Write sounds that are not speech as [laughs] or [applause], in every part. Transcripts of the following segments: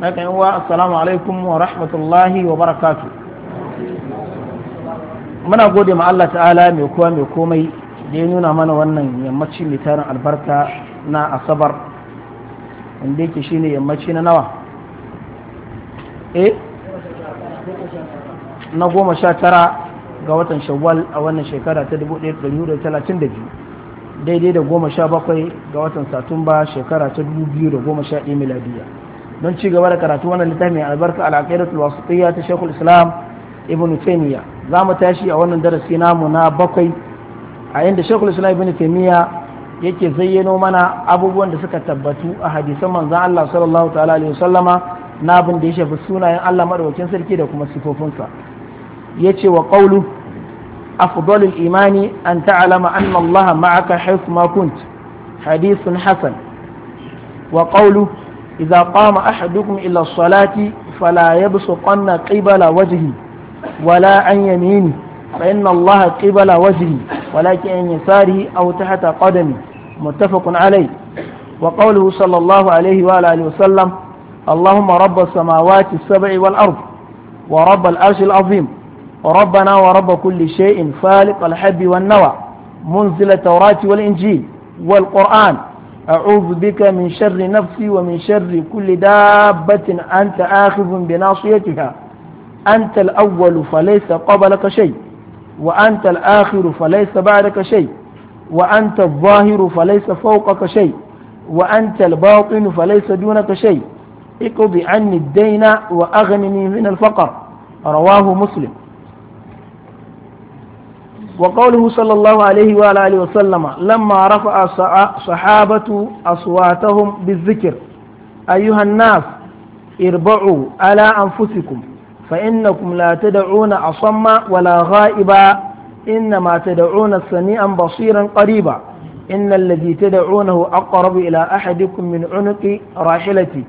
haka yi wa assalamu alaikum wa rahmatullahi wa barakatu muna gode ma Allah ta'ala mai kowa mai komai da ya nuna mana wannan yammacin litarin albarka na asabar inda yake shine yammaci na nawa eh na goma sha tara ga watan shawwal a wannan shekara ta biyu, daidai da goma sha bakwai ga watan satumba shekara ta 2011 miladiyya don ci gaba da karatu wannan littafi mai albarka al-aqidatul wasitiyya ta Sheikhul Islam Ibn Taymiyyah za mu tashi a wannan darasi namu na bakwai a inda Sheikhul Islam Ibn Taymiyyah yake zayyano mana abubuwan da suka tabbatu a hadisan manzon Allah sallallahu ta'ala alaihi wasallama na abin da ya shafi sunayen Allah madaukakin sarki da kuma sifofinsa yace wa qawlu أفضل الإيمان أن تعلم أن الله معك حيث ما كنت حديث حسن وقوله إذا قام أحدكم إلى الصلاة فلا يبصقن قبل وجهي ولا عن يمينه فإن الله قبل وجهي ولكن عن يساره أو تحت قدمي متفق عليه وقوله صلى الله عليه وآله وسلم اللهم رب السماوات السبع والأرض ورب العرش العظيم وربنا ورب كل شيء فالق الحب والنوى منزل التوراة والإنجيل والقرآن أعوذ بك من شر نفسي ومن شر كل دابة أنت آخذ بناصيتها أنت الأول فليس قبلك شيء وأنت الآخر فليس بعدك شيء وأنت الظاهر فليس فوقك شيء وأنت الباطن فليس دونك شيء اقض عني الدين وأغنني من الفقر رواه مسلم وقوله صلى الله عليه وآله وسلم لما رفع صحابة أصواتهم بالذكر أيها الناس اربعوا على أنفسكم فإنكم لا تدعون أصم ولا غائبا إنما تدعون سميعا بصيرا قريبا إن الذي تدعونه أقرب إلى أحدكم من عنق راحلتي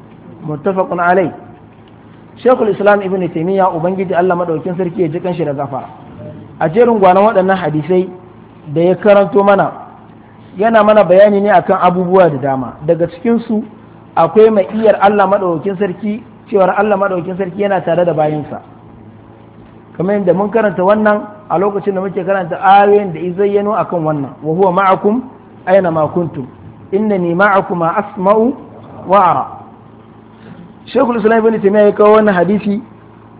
متفق عليه شيخ الإسلام ابن تيمية وبنجد ألا مدعو كنسر كي جكن شر غفار a jerin gwanon waɗannan hadisai da ya karanto mana yana mana bayani ne akan abubuwa da dama daga cikinsu akwai mai iyar Allah maɗaukakin sarki cewar Allah maɗaukakin sarki yana tare da bayansa kamar yadda mun karanta wannan a lokacin da muke karanta ayoyin da izayyano akan wannan wa huwa ma'akum aina ma kuntum innani ma'akum asma'u wa ara shaykhul islam ibn taymiyyah ya kawo wannan hadisi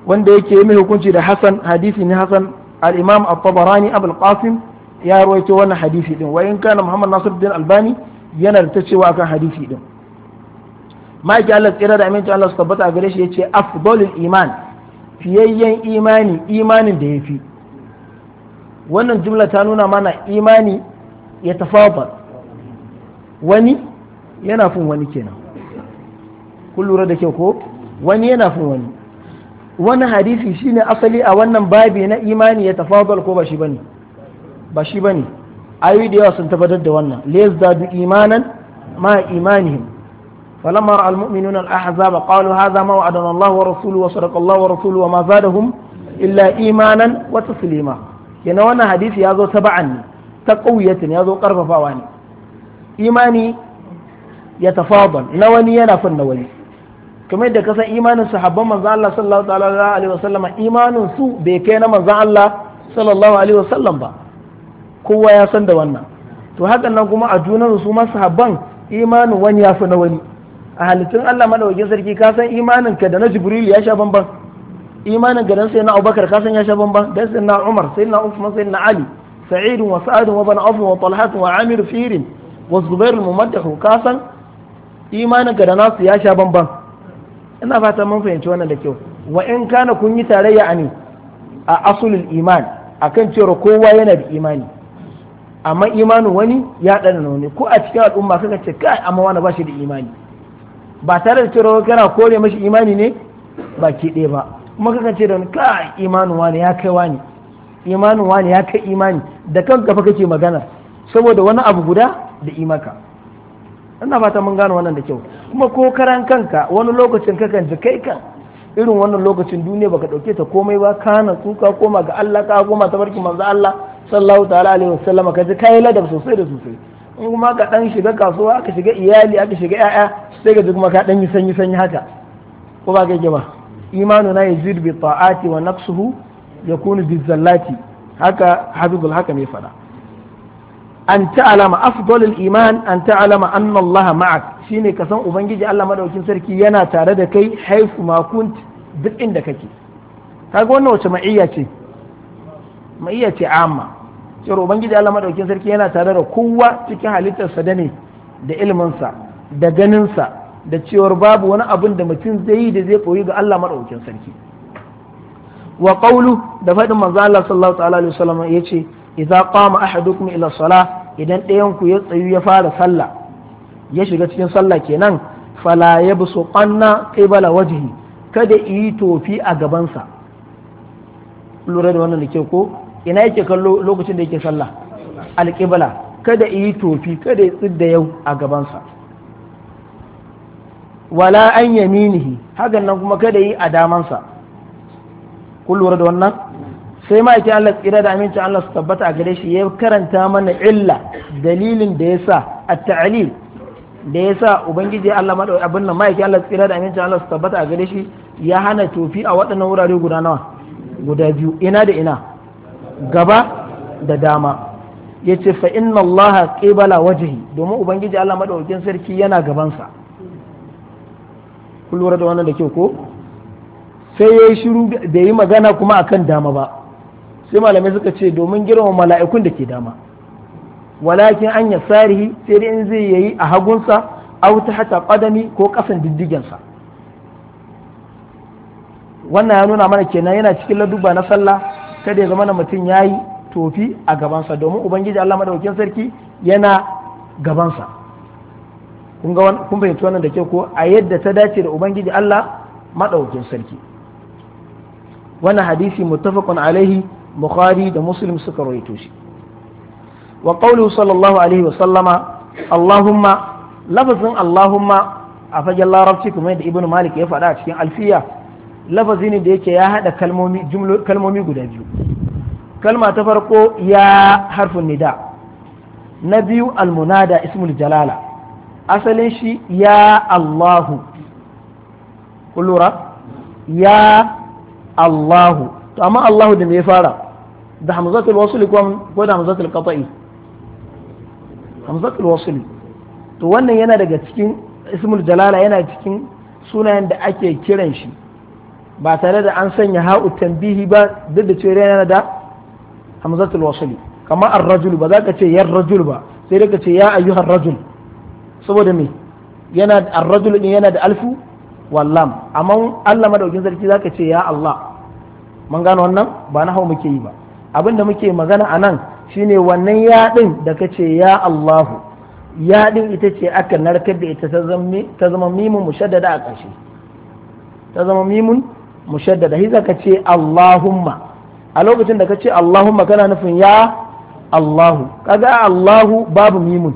wanda yake mai hukunci da hasan hadisi ne hasan al-imam at-tabarani abul qasim ya rawaito wannan hadisi din wayin kana muhammad din albani yana da ta cewa akan hadisi din ma'aiki allah tsira da aminci allah su tabbata a gare shi yace afdalul iman fiyayyen imani imanin da yafi wannan jumla ta nuna mana imani ya tafadal wani yana fin wani kenan kun da kyau ko wani yana fin wani wani hadisi shine asali a wannan babi na imani ya tafadal ko ba shi bane ba shi bane ayoyi da yawa sun tabbatar da wannan liyazdadu imanan ma imanihim فلما راى المؤمنون الاحزاب قالوا هذا ما وعدنا الله ورسوله وصدق الله ورسوله وما زادهم الا ايمانا وتسليما كنا وانا حديث يا زو تبعني تقوية يا زو قرففاواني ايماني يتفاضل نواني ينافن نواني kamar yadda kasan imanin sahabban manzan Allah sallallahu alaihi wasallam imanin su bai kai na manzan Allah sallallahu alaihi wasallam ba kowa ya san da wannan to hakan nan kuma a junan su ma sahabban imanin wani ya fi na wani a halittun Allah madaukakin sarki ka san imanin ka da na Jibril ya sha bamban imanin ga dan sai na Abubakar ka san ya sha bamban dan sai na Umar sai na Uthman sai na Ali سعيد وسعد وابن عوف وطلحة وعامر فير والزبير الممدح كاسا إيمانا قد ناس يا شابان بان ina fata mun fahimci wannan da kyau wa in kana kun yi tarayya ani a asulul iman akan cewa kowa yana da imani amma imanin wani ya dana wani ko a cikin al'umma kaga ce kai amma wani ba shi da imani ba tare da cewa kana kore mashi imani ne ba ke ɗaya ba kuma kaga ce da kai imanin wani ya kai wani imanu wani ya kai imani da kan kafa kake magana saboda wani abu guda da imaka ina fata mun gano wannan da kyau kuma ko karan kanka wani lokacin kakan ji kai kan irin wannan lokacin duniya baka dauke ta komai ba kana tsuka koma ga Allah ka goma ta barki manzo Allah sallallahu ta'ala alaihi wasallam ka ji kai ladab sosai da sosai in kuma ka dan shiga kasuwa aka shiga iyali aka shiga yaya sai ka ji kuma ka dan yi sanyi sanyi haka ko ba ga ba imanu na yazid bi ta'ati wa nafsuhu yakunu bi zallati haka habibul hakam ya fada an ta'alama afdalul iman an ta'alama anna Allah ma'ak shine ka san ubangiji Allah madaukin sarki yana tare da kai haifu ma kunt duk inda kake kaga wannan wace ma'iyya ce ma'iyya ce amma cewa ubangiji Allah madaukin sarki yana tare da kowa cikin halittarsa da ne da ilminsa da ganinsa da cewar babu wani abin da mutum zai yi da zai koyi ga Allah madaukin sarki wa qawlu da faɗin manzo Allah sallallahu alaihi wasallam yace idza qama ahadukum ila salah idan ɗayan ku ya tsayu ya fara sallah ya shiga cikin sallah kenan fala qanna qibala wajhi kada yi tofi a gabansa lura da wannan da ke ko ina yake kallo lokacin da yake sallah alqibla kada yi tofi kada ya tsidda yau a gabansa wala an yaminihi hakan nan kuma kada yi a damansa kun lura da wannan sai ma Allah tsira da aminci Allah su tabbata a gare shi ya karanta mana illa dalilin da ya sa a ta'alil da ya sa ubangiji Allah madau abin nan ma Allah tsira da aminci Allah su tabbata a gare shi ya hana tofi a waɗannan wurare guda nawa guda biyu ina da ina gaba da dama ya ce fa inna Allah qibala wajhi domin ubangiji Allah madaukakin sarki yana gabansa ku da wannan da kyau ko sai ya yi shiru da yi magana kuma akan dama ba sai malamai suka ce domin girma mala'ikun da ke dama walakin an ya sarihi sai dai in zai yayi a hagunsa au ta hata kadami ko kasan diddigensa wannan ya nuna mana kenan yana cikin laduba na sallah kada ya zama mutum yayi tofi a gabansa domin ubangiji Allah madaukakin sarki yana gabansa kun ga kun fahimci wannan da ke ko a yadda ta dace da ubangiji Allah madaukakin sarki wannan hadisi muttafaqun alaihi bukhari da muslim suka rawaito shi wa qawluhu sallallahu alaihi wa sallama allahumma lafazin allahumma a fagen larabci kuma yadda ibnu malik ya faɗa a cikin alfiya lafazi ne da yake ya haɗa kalmomi kalmomi guda biyu kalma ta farko ya harfin nida na biyu almunada ismul jalala asalin shi ya allahu kullura ya allahu to amma allahu da me ya fara da hamzatul wasuli ko da hamzatul qata'i hamzatul wasuli to wannan yana daga cikin ismul jalala yana cikin sunayen da ake kiran shi ba tare da an sanya ha'u tambihi ba duk da cewa yana da hamzatul wasuli kamar ar-rajul ba za ka ce yar rajul ba sai dai ka ce ya ayyuhar rajul saboda me yana da ar-rajul din yana da alfu wallam amma Allah madaukin sarki zaka ce ya Allah man gano wannan ba na hau muke yi ba abin da muke magana a nan shi ne wannan yaɗin da ka ce ya Allahu yaɗin ita ce aka narkar da ita ta zama mimun mushaddada a ƙarshe ta zama mimun mushaddada hiza ka ce Allahumma a lokacin da ka ce Allahumma kana nufin ya Allahu kaga Allahu babu mimun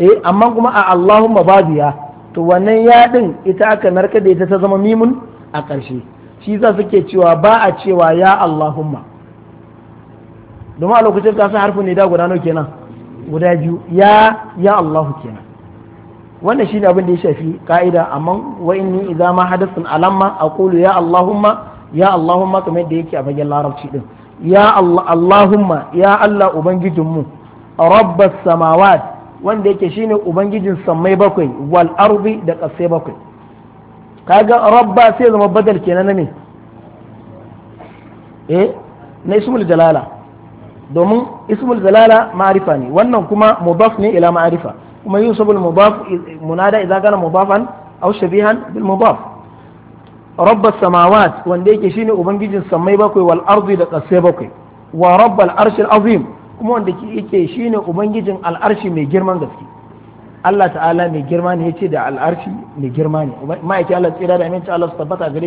eh amma kuma a Allahumma babu ya to wannan yaɗin ita aka narkar da ita ta zama mimun a ƙarshe shi za suke cewa ba a cewa ya Allahumma domin a lokacin ka san harfin nida guda nawa kenan guda biyu ya ya Allahu kenan wannan shine abin da ya shafi ka'ida amma wa inni idza ma hadathun alamma aqulu ya Allahumma ya Allahumma kamar yadda yake a bagen larabci din ya Allah Allahumma ya Allah ubangijin mu rabbas samawat wanda yake shine ubangijin sammai bakwai wal ardi da kasai bakwai kaga rabba sai zama badal kenan ne eh na ismul jalala domin ismul zalala ma'arifa ne wannan kuma mudaf ne ila ma'arifa kuma yusabul mudaf munada idza kana mudafan aw shabihan bil mudaf rabbas samawat wanda yake shine ubangijin samai bakwai wal ardi da kasai bakwai wa rabbal arshil azim kuma wanda yake shine ubangijin al'arshi mai girman gaske Allah ta'ala mai girma ne yace da al'arshi mai girma ne ma'aikin Allah tsira da Allah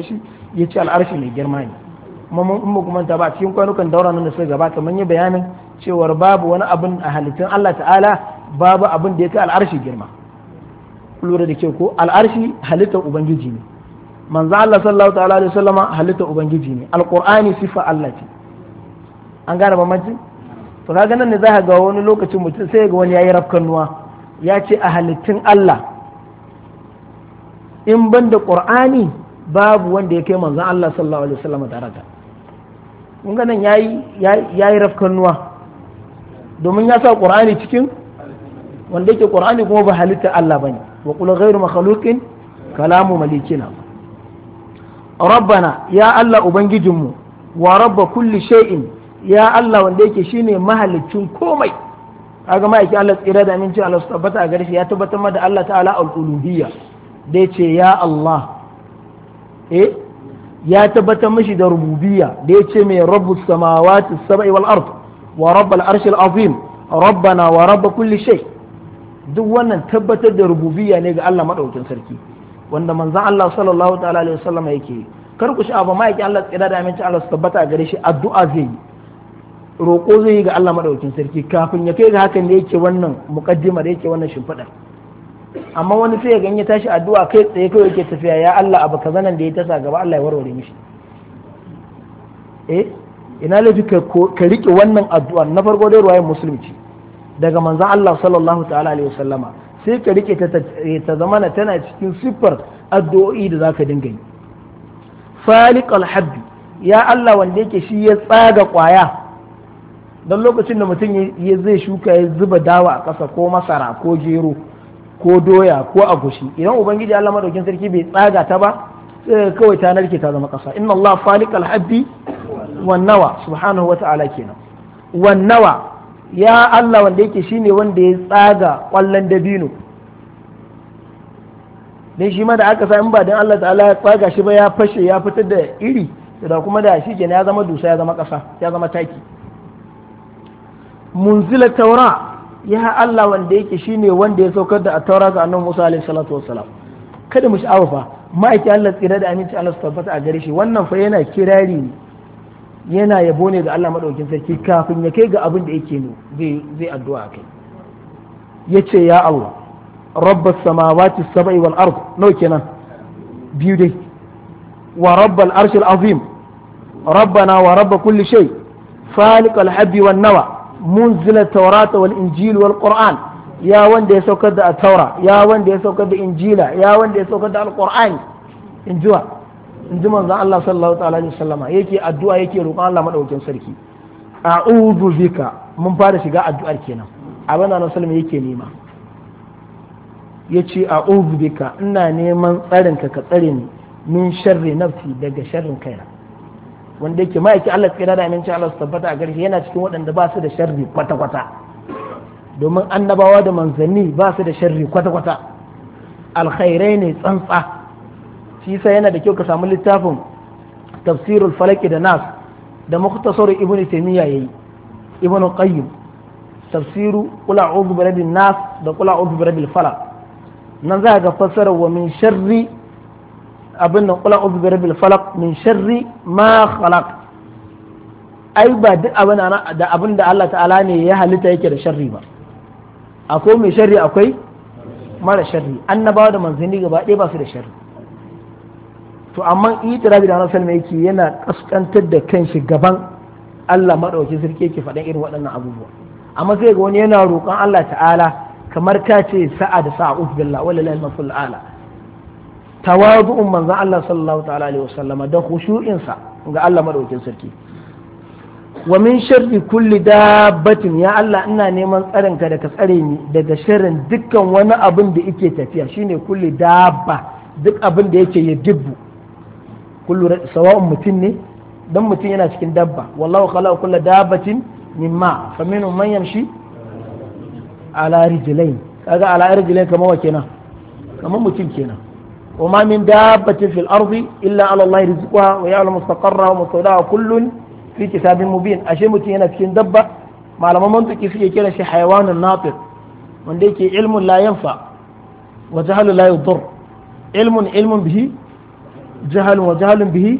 shi al'arshi mai girma ne mu kuma ta ba cikin kwanukan daura nan da suka gabata mun yi bayanin cewar babu wani abin a halittun Allah ta'ala babu abin da ya kai al'arshi girma lura da ke ko al'arshi halittar ubangiji ne manzo Allah sallallahu ta'ala alaihi wasallama halittar ubangiji ne alqur'ani sifa Allah ce an gane bambanci to kaga nan ne za ga wani lokacin mutum sai ga wani yayi rafkan nuwa ya ce a halittun Allah in ban da qur'ani babu wanda ya kai manzon Allah sallallahu alaihi wasallama daraja kun ga nan yayi yayi rafkan nuwa domin ya sa qur'ani cikin wanda yake qur'ani kuma ba halitta Allah bane wa qul ghayru makhluqin kalamu malikina rabbana ya Allah ubangijinmu wa rabba kulli shay'in ya Allah wanda yake shine mahalicin komai kaga ma yake Allah tsira da aminci Allah su tabbata a shi ya tabbatar da Allah ta'ala al-uluhiyya da ce ya Allah eh ya tabbatar mashi da rububiyya da ya ce mai rabu samawati saba'i wal ard wa rabbal arshil azim rabbana wa rabb kulli shay duk wannan tabbatar da rububiyya ne ga Allah madaukin sarki wanda manzon Allah sallallahu ta'ala alaihi wasallam yake kar ku sha'aba mai yake Allah tsira da aminci Allah su tabbata gare shi addu'a zai yi roko zai yi ga Allah madaukin sarki kafin ya kai ga hakan da yake wannan muqaddima da yake wannan shimfidar amma wani sai ya ganye tashi addu'a kai tsaye kai yake tafiya ya Allah abu kaza nan da ya tasa gaba Allah ya warware mishi eh ina laifi ka rike wannan addu'a na farko dai ruwayan musulunci daga manzon Allah sallallahu ta'ala alaihi wasallama sai ka rike eh, ta zamana tana cikin siffar addu'o'i da zaka dinga yi faliqal habbi ya Allah wanda yake shi ya tsaga kwaya don lokacin da mutum ya zai shuka ya zuba dawa a ƙasa ko masara ko jero ko doya ko agushi idan ubangiji Allah madaukin sarki bai tsaga ta ba kawai ta narke ta zama kasa inna Allah faliq al wan nawa subhanahu wa ta'ala kenan wan nawa ya Allah wanda yake shine wanda ya tsaga kwallon dabino dan shi ma da aka sa in ba dan Allah ta'ala ya tsaga shi ba ya fashe ya fitar da iri da kuma da shi kenan ya zama dusa ya zama kasa ya zama taki munzila taura ya ha Allah wanda yake shine wanda ya saukar da attaura ga annabi Musa alaihi salatu wassalam kada mu sha'awa fa ma'aikin Allah tsira da aminci Allah su tabbata a gare shi wannan fa yana kirari yana yabo ne ga Allah madaukin sarki kafin ya kai ga abin da yake ne zai zai addu'a kai yace ya Allah rabbas samawati sab'i wal ard nau kenan biyu dai wa rabbal arshil azim rabbana wa rabb kulli shay habbi nawa munzila taurata wal injil wal qur'an ya wanda ya saukar da At-tawra, ya wanda ya saukar da injila ya wanda ya saukar da alqur'ani in jiwa in ji manzon Allah sallallahu ta'ala alaihi wasallama yake addu'a yake roƙon Allah madaukakin sarki a'udhu bika mun fara shiga addu'ar kenan abin da sallallahu yake nema yace a'udhu bika ina neman tsarin ka ka tsare ni min sharri nafsi daga sharrin kaina wanda yake ma'aikin Allah tsira da amincin Allah su tabbata a garshi yana cikin waɗanda ba su da sharri kwata-kwata domin annabawa da manzanni ba su da sharri kwata-kwata alkhairai ne tsantsa shi sa yana da kyau ka samu littafin tafsirul falaki da nas da muktasar ibnu taymiya yayi ibnu qayyim tafsiru qul a'udhu bi nas da qul a'udhu bi falaq nan za ga fassara wa min sharri abin nan kula ubi bi rabbil falaq min sharri ma khalaq ai ba duk abin da abin da Allah ta'ala ne ya halitta yake da sharri ba akwai mai sharri akwai mara sharri annabawa da manzanni gaba ɗaya ba su da sharri to amma itirabi da Annabi sallallahu yake yana kaskantar da kanshi gaban Allah madaukakin sarki yake faɗan irin waɗannan abubuwa amma sai ga wani yana roƙon Allah ta'ala kamar ta ce sa'a da sa'a uf billah wallahi la ilaha ala. tawazu'un manzon Allah sallallahu ta'ala alaihi wasallama da khushu'in sa ga Allah madaukin sarki wa min sharri kulli dabbatin ya Allah ina neman tsarin ka daga tsare ni daga sharrin dukkan wani abin da yake tafiya shine kulli dabba duk abin da yake ya dibbu kullu sawa'un mutum ne dan mutum yana cikin dabba wallahu khalaqa kulli dabbatin mimma faminhum man yamshi ala rijlain kaga ala rijlain kamar wa kenan kamar mutum kenan وما من دابة في الأرض إلا على الله رزقها ويعلم مستقرها ومستودعها كل في كتاب مبين أشي متي هنا تكين دبة ما لما منطقي فيه كده شي حيوان ناطق من ديك علم لا ينفع وجهل لا يضر علم علم به جهل وجهل به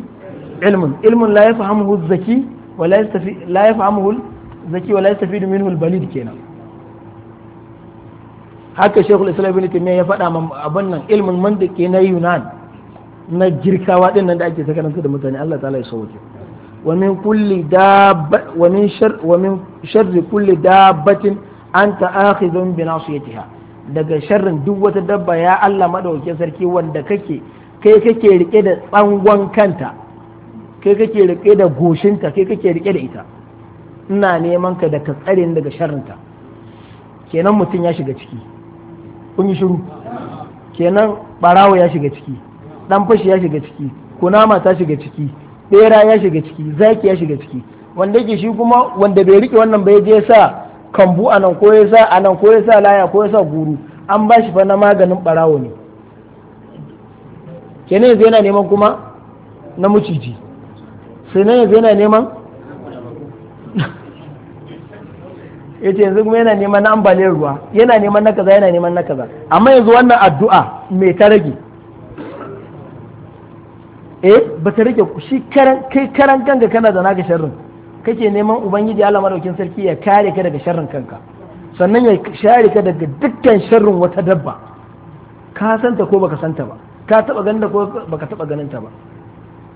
علم علم لا يفهمه الذكي ولا يستفيد لا يفهمه الذكي ولا يستفيد منه البليد كده haka shekul islam ibn taimiyya ya faɗa man abin nan ilmin mandake na yunan na jirkawa din nan da ake sakaranta da mutane Allah ta'ala ya sauke wa min kulli dabba wa min shar wa min sharri kulli dabbatin anta akhidhun daga sharrin duk wata dabba ya Allah madaukakin sarki wanda kake kai kake rike da tsangon kanta kai kake rike da goshinta kai kake rike da ita ina neman ka da ka tsare daga sharrinta kenan mutum ya shiga ciki kun yi shiru kenan barawo ya shiga ciki dan fashi ya shiga ciki kunama ta shiga ciki bera ya shiga ciki zaki ya shiga ciki wanda yake shi kuma wanda bai rike wannan bai je sa kambu anan ko ya sa anan ko ya sa laya ko ya sa guru an ba shi fa na maganin barawo ne kenan yanzu yana neman kuma na muciji sai nan yanzu yana neman ya ce yanzu kuma yana neman na ambaliyar ruwa yana neman na kaza yana neman na kaza amma yanzu wannan addu'a me ta rage eh ba ta rage shi karan kai karan kanka kana da naka sharrin kake neman ubangiji Allah madaukin sarki ya kare ka daga sharrin kanka sannan ya share ka daga dukkan sharrin wata dabba ka san ta ko baka san ta ba ka taba ganin ko baka taba ganin ta ba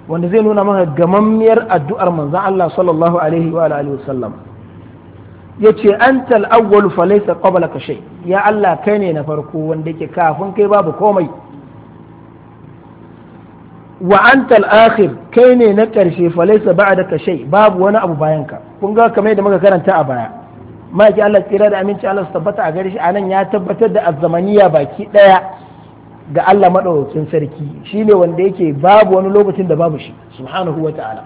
wanda zai nuna maka gamammiyar addu'ar manzon Allah sallallahu alaihi wa alihi wasallam yace antal awwal fa laysa qablaka shay ya Allah kai ne na farko wanda yake kafin kai babu komai wa antal akhir kai ne na karshe fa laysa ba'daka shay babu wani abu bayan ka kun ga kamar yadda muka karanta a baya maki Allah tsira da aminci Allah su tabbata a gare shi nan ya tabbatar da azamaniya baki daya ga Allah madaukakin sarki shine wanda yake babu wani lokacin da babu shi subhanahu wata'ala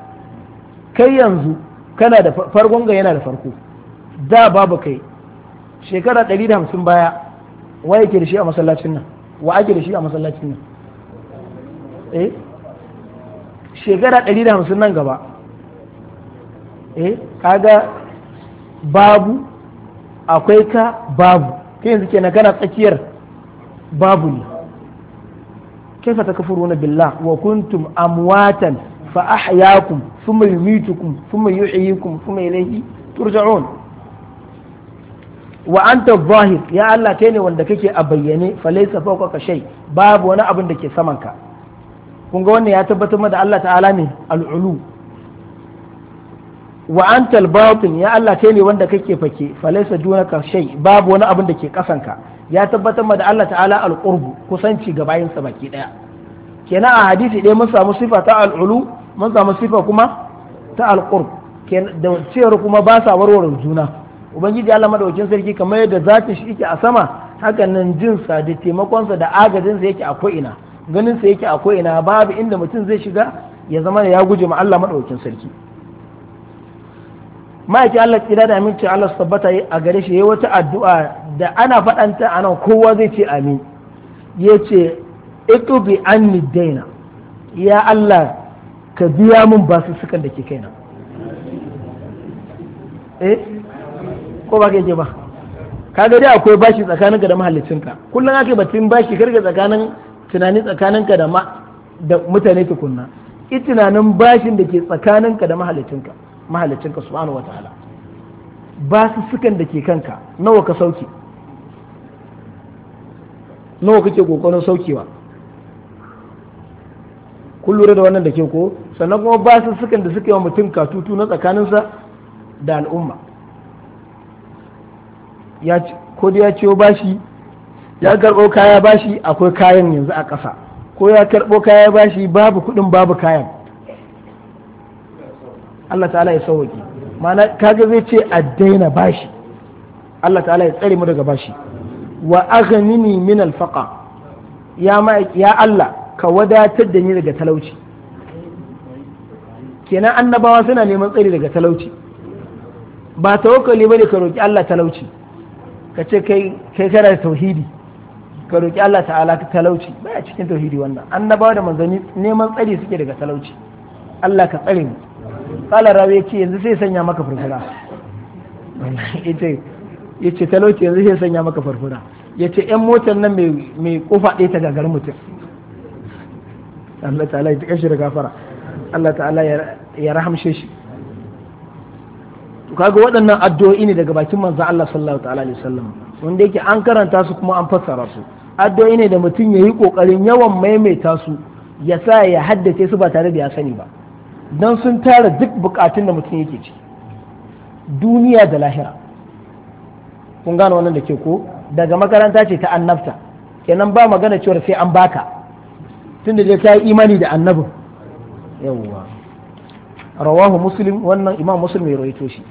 kai yanzu kana da farkon ga yana da farko da babu kai shekara 150 baya wa yake da shi a masallacin nan wa ake da shi a masallacin nan eh shekara 150 nan gaba eh kaga babu akwai ka babu kai yanzu kenan kana tsakiyar babu ne kaifa takfuruna billah wa kuntum amwatan fa ahyaakum thumma yumitukum thumma yuhyikum thumma ilayhi turja'un wa anta zahir ya Allah kai ne wanda kake a bayyane falaysa fawqaka shay babu wani abin da ke saman ka kun ga wannan ya tabbatar da Allah ta'ala ne al'ulu wa anta al-batin ya Allah kai ne wanda kake fake falaysa dunaka shay babu wani abin da ke kasan ka ya tabbatar da Allah ta'ala al-qurbu kusanci ga bayin sa baki daya kenan a hadisi ɗaya mun samu sifa ta al-ulu mun samu sifa kuma ta al-qurb da cewar kuma ba sa warware juna ubangiji Allah madaukakin sarki kamar yadda zatin shi yake a sama hakan nan jin da taimakonsa da agajin yake a ko'ina ganinsa yake a ko'ina babu inda mutum zai shiga ya zama ya guje ma Allah madaukakin sarki ma'aikin Allah tsira da aminci Allah su tabbata a gare shi ya wata addu'a da ana faɗanta a nan kowa zai ce amin ya ce itubi anni daina ya Allah ka biya min basu sukan da ke kaina eh ko ba ka yake ba kaga dai akwai bashi tsakaninka da mahallicinka kullum aka batun bashi karga tsakanin tunani tsakaninka da da mutane tukunna i tunanin bashin da ke tsakaninka da mahallicinka mahallicinka subhanahu wataala ba su sukan da ke kanka nawa ka sauke nawa kake kokarin saukewa kun lura da wannan da ke ko sannan kuma ba su sukan da suke wa mutum katutu na tsakaninsa da al'umma ko da ya ciyo bashi ya karɓo kaya bashi akwai kayan yanzu a ƙasa ko ya karɓo kaya bashi babu kuɗin babu kayan Allah ta'ala ya sauwaki mana kaga zai ce a daina bashi Allah ta'ala ya tsare mu daga bashi wa aghnini min alfaqa ya ya Allah ka wadatar da ni daga talauci kenan annabawa suna neman tsari daga talauci ba tawakkali bane ka roki Allah talauci ka ce kai kai kana da tauhidi ka roƙi Allah ta'ala ka talauci baya cikin tauhidi wannan annabawa da manzanni neman tsari suke daga talauci Allah ka tsare mu kala rawe ce yanzu sai sanya maka furfura [laughs] yace yace talauci yanzu sai sanya maka furfura yace yan motar nan mai mai kofa ɗaya ta gagar mutum [laughs] Allah ta'ala ya kashe da gafara Allah ta'ala ya rahamshe shi kaga waɗannan addu'o'i ne daga bakin manzon Allah sallallahu ta'ala alaihi wasallam wanda yake an karanta su kuma an fassara su addu'o'i ne da mutum yayi kokarin yawan maimaita su ya sa ya haddace su ba tare da ya sani ba dan sun tara duk bukatun da mutum yake ci duniya da lahira kun gane wannan da ke ko daga makaranta ce ta annabta kenan ba magana cewa sai an baka tunda dai ta yi imani da annabin yawwa rawahu muslim wannan imam muslim ya rawaito shi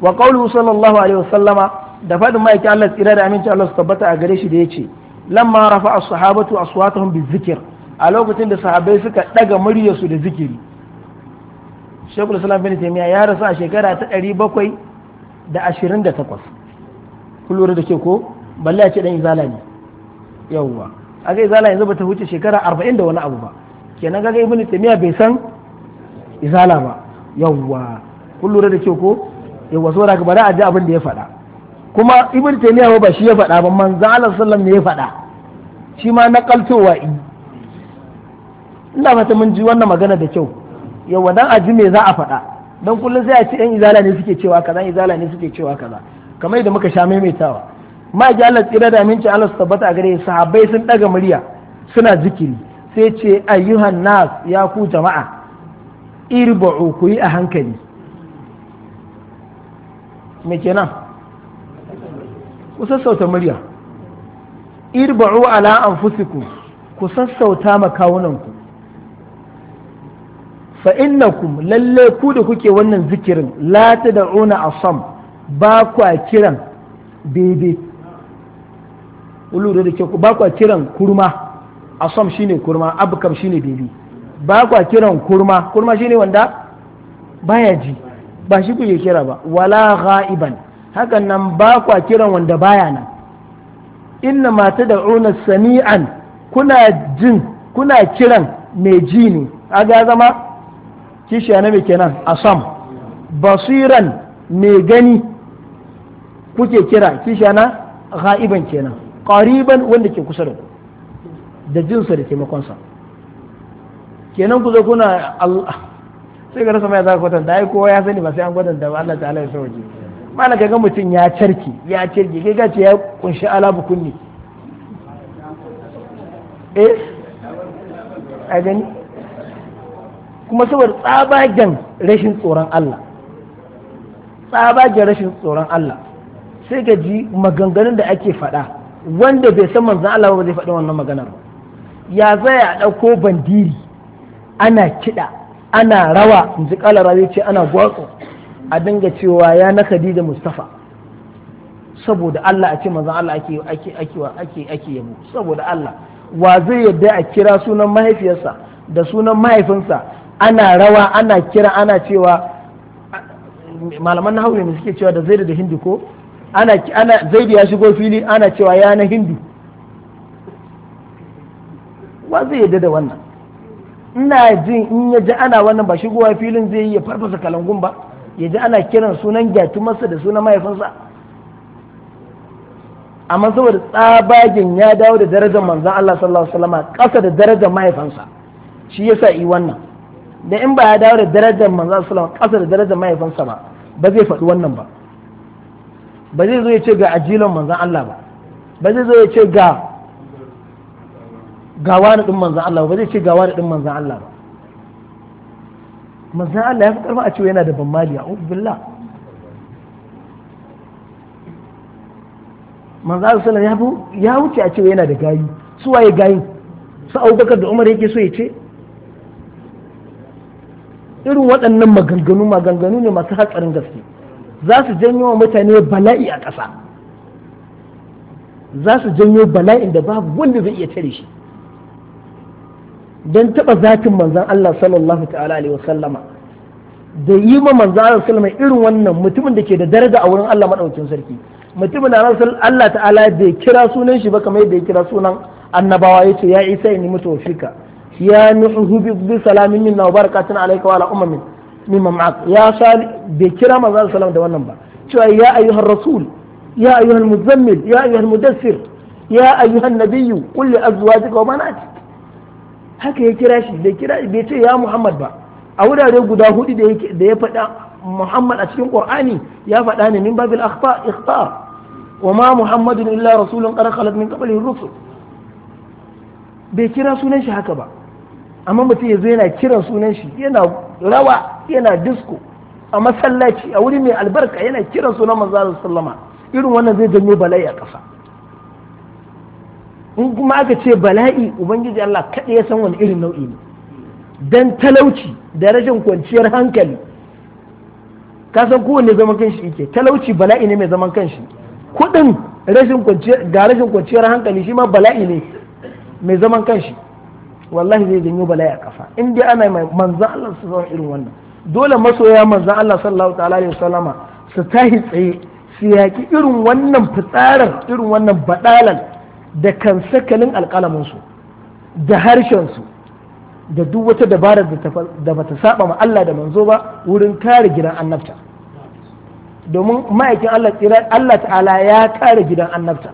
wa qawluhu sallallahu alaihi sallama da faɗin ma'aikin Allah tsira da aminci Allah su tabbata a gare shi da ya ce. lamma rafa as-sahabatu aswatuhum zikir. a lokacin da sahabai suka ɗaga muryarsu da zikiri Shekul Islam bin Taymiya ya rasu a shekara ta ɗari bakwai da ashirin da takwas. ke ko balle ya ce dan izala ne yawwa aga izala yanzu bata huce shekara arba'in da wani abu ba kenan ga ibn Taymiya bai san izala ba yawwa kun da ke ko yawa saboda ka bari a ji abin da ya faɗa kuma ibn taymiya ba shi ya faɗa ba manzon Allah sallallahu ne ya faɗa shi ma kaltowa in ina fata mun ji wannan magana da kyau yawa dan a ji me za a faɗa dan kullum sai a ce yan izala ne suke cewa kaza izala ne suke cewa kaza kamar yadda muka sha maimaitawa ma ji Allah tsira da aminci Allah su tabbata a gare sahabbai sun daga murya suna zikiri sai ce ayyuhan nas ya ku jama'a irba'u ku yi a hankali ke kenan ku sassauta murya irba'u ala anfusikum ku sassauta makawunanku fa innakum lalle ku da kuke wannan zikirin la tad'una asam ba ku kiran bebe da ke ku ba ku kiran kurma asam shine kurma abkam shine bebe ba ku kiran kurma kurma shine wanda baya ji ba shi kuke kira ba wala ghaiban hakan nan ba kwa kiran wanda baya nan inna ma tad'una sami'an kuna jin kuna kiran mai ji ne aga zama kishiya na mai kenan asam basiran mai gani kuke kira kishiya na ghaiban kenan qariban wanda ke kusa da da jinsa da taimakonsa kenan ku zo kuna sai ga rasa mai za ka kwatanta ai kowa ya sani ba sai an kwatanta ba Allah ta'ala ya waje malaka ga mutum ya cirki ya cirki kai gace ya kunshi alabu kunni eh a gani kuma saboda tsabagen rashin tsoron Allah tsabagen rashin tsoron Allah sai ka ji maganganun da ake faɗa wanda bai san manzon Allah ba zai faɗi wannan maganar ya zai a ɗauko bandiri ana kiɗa ana rawa in ji kala rawa ce ana gwatsu a dinga cewa ya na khadija mustafa saboda Allah a ce manzon Allah ake ake ake ake yabo saboda Allah wa zai yadda a kira sunan mahaifiyarsa da sunan mahaifinsa ana rawa ana kira ana cewa malaman na ne suke cewa da zaidu da hindu ko ana ana zaidu ya shigo fili ana cewa ya na hindu wa zai yadda da wannan ina jin in ya ji ana wannan ba shigowa filin zai yi ya farfasa kalangun ba ya ji ana kiran sunan gyatumarsa da sunan mahaifinsa amma saboda tsabagen ya dawo da darajar manzan Allah sallallahu alaihi wasallam ƙasa da darajar mahaifinsa shi yasa yi wannan da in ba ya dawo da darajar manzan sallallahu ƙasa da darajar mahaifinsa ba ba zai faɗi wannan ba ba zai zo ya ce ga ajilan manzan Allah ba ba zai zo ya ce ga ga wani ɗin manzan Allah ba zai ce ga wani ɗin manzan Allah ba manzan Allah ya fi karfa a cewa yana da ban mali a billah manzan Allah sallallahu ya wuce a cewa yana da gayi su waye gayi su Abubakar da Umar yake so ya ce irin waɗannan maganganu maganganu ne masu hatsarin gaske za su janyo wa mutane bala'i a ƙasa za su janyo bala'in da babu wanda zai iya cire shi don taɓa zatin manzan Allah sallallahu ta'ala alaihi wasallama da yi ma manzan Allah sallama irin wannan mutumin da ke da daraja a wurin Allah maɗaukin sarki mutumin da Allah ta'ala bai kira sunan shi ba kamar yadda ya kira sunan annabawa ya ce ya isa ni mutu fika ya nuhu bi salamin minna wa barakatun alayka wa ala ummin mimma ma'ak ya sal bai kira manzan Allah sallama da wannan ba cewa ya ayyuhar rasul ya ayyuhal muzammil ya ayyuhal mudassir ya ayyuhan nabiyyu qul li azwajika wa banatik haka ya kira shi bai kira bai ce ya Muhammad ba a wurare guda hudu da ya faɗa Muhammad a cikin Qur'ani ya faɗa ne min babil akhta ikhta wa ma Muhammadun illa rasulun qad khalat min qablihi rusul bai kira sunan shi haka ba amma mutum ya yana kiran sunan shi yana rawa yana disco a masallaci a wuri mai albarka yana kiran sunan manzo sallama irin wannan zai janyo bala'i a ƙasa in kuma aka ce bala'i ubangiji Allah kaɗai ya san wani irin nau'i ne dan talauci da rashin kwanciyar hankali ka san kowanne zaman kanshi yake talauci bala'i ne mai zaman kanshi kuɗin ga rashin kwanciyar hankali shi ma bala'i ne mai zaman kanshi wallahi zai janyo bala'i a kafa in dai ana mai manzan Allah su zama irin wannan dole masoya manzan Allah sallallahu ta'ala alaihi wasallama su tahi tsaye su yaƙi irin wannan fitsarar irin wannan badalan da kan sakalin alƙalaminsu da harshensu da duk wata dabarar da bata saba ma Allah da manzo ba wurin kare gidan annabta domin ma'aikin Allah Allah ta'ala ya kare gidan annabta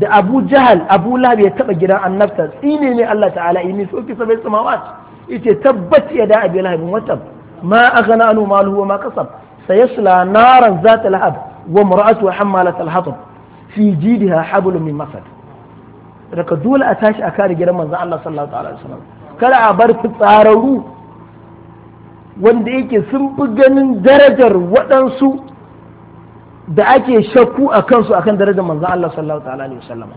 da Abu Jahal Abu Lahab ya taba gidan annabta tsine ne Allah ta'ala inni soki sabai samawat yace tabbat ya da Abi Lahab watab ma aghna anhu maluhu wa ma kasab sayasla naran zata lahab wa mar'atu hammalat al-hatab fi jidha hablum min masad daga dole a tashi a kare gidan manzon Allah sallallahu alaihi wasallam kada a bar tsararru wanda yake sun fi ganin darajar waɗansu da ake shakku a kansu akan darajar manzon Allah sallallahu alaihi wasallam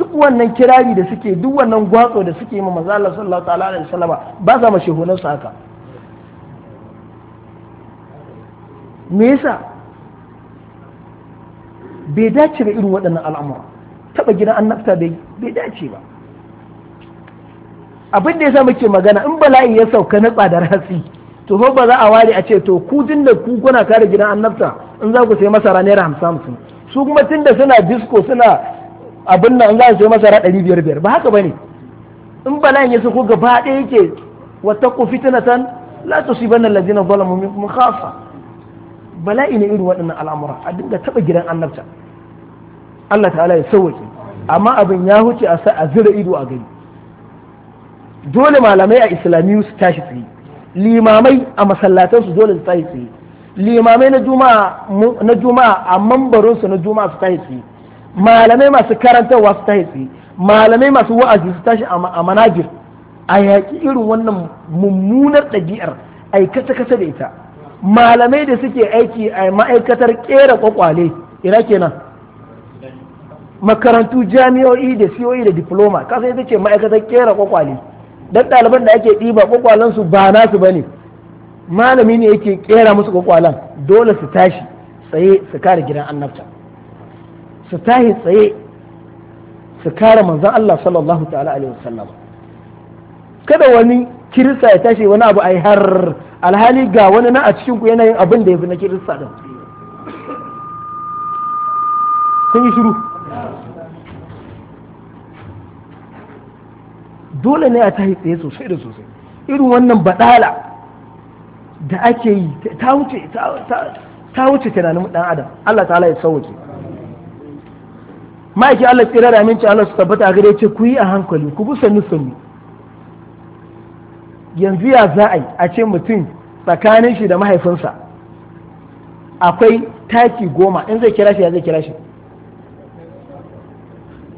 duk wannan kirari da suke duk wannan gwatso da suke ma manzon Allah sallallahu alaihi wasallam ba za mu shehunan su haka me yasa bai dace ga irin waɗannan al'amura taɓa gidan nafta bai dace ba abin da ya sa muke magana in bala'i ya sauka na tsadar hatsi to ho ba za a ware a ce to ku din da ku kuna kare gidan nafta, in za ku sai masara naira hamsin hamsin su kuma tun da suna disko suna abin nan za su sai masara ɗari biyar biyar ba haka ba ne in bala'i ya sauka gaba ɗaya yake wata ku tan la tusibanna allazina zalamu minkum khassa bala'i ne irin waɗannan al'amura a dinga taɓa gidan annabta Allah ta'ala ya sauwake amma abin ya huce a sa a zira ido a gani dole malamai a islamiyu su tashi tsaye limamai a masallatan dole su tashi tsaye limamai na juma'a na a mambarin su na juma'a su tashi tsaye malamai masu karantarwa su tashi tsaye malamai masu wa'azi su tashi a manajir a yaƙi irin wannan mummunar ɗabi'ar ai kasa kasa da ita malamai da suke aiki a ma'aikatar kera kwakwale ina kenan makarantu jami'o'i da siyoyi e da diploma kasa ita ce ma'aikatar kera kwakwale Don ɗaliban da ake ɗiba kwakwalen su ba nasu ba ne malami ne yake kera musu kwakwalen dole su tashi tsaye su kare gidan annabta su tashi tsaye su kare manzon Allah sallallahu ta'ala alaihi wasallam kada wani kirista ya tashi wani abu a yi har alhali ga wani na a cikin ku yana yin abin da ya fi na kirista din kun yi shiru dole ne a yi tsaye sosai da sosai irin wannan badala da ake yi ta wuce ta wuce tunanin dan adam Allah ta'ala ya sauke ma'aiki Allah tsira da aminci Allah su tabbata a gare ce ku yi a hankali ku bi sannu sannu yanzu ya za a yi a ce mutum tsakanin shi da mahaifinsa akwai taki goma in zai kira shi ya zai kira shi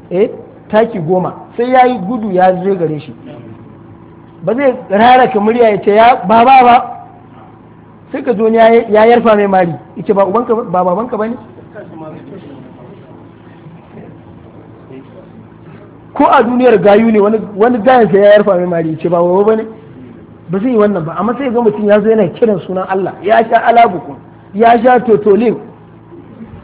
eh taki goma sai ya yi gudu ya zo gare shi ba zai raraka murya ya ce ya ba ba ba sai ka zo ya yarfa mai mari ita ba ubanka ba babanka ba bane ko a duniyar gayu ne wani gayansa ya yarfa mai mari ce ba babu ba ne ba zai yi wannan ba amma sai ga mutum ya zo yana kiran sunan Allah ya sha alabuku ya sha totolin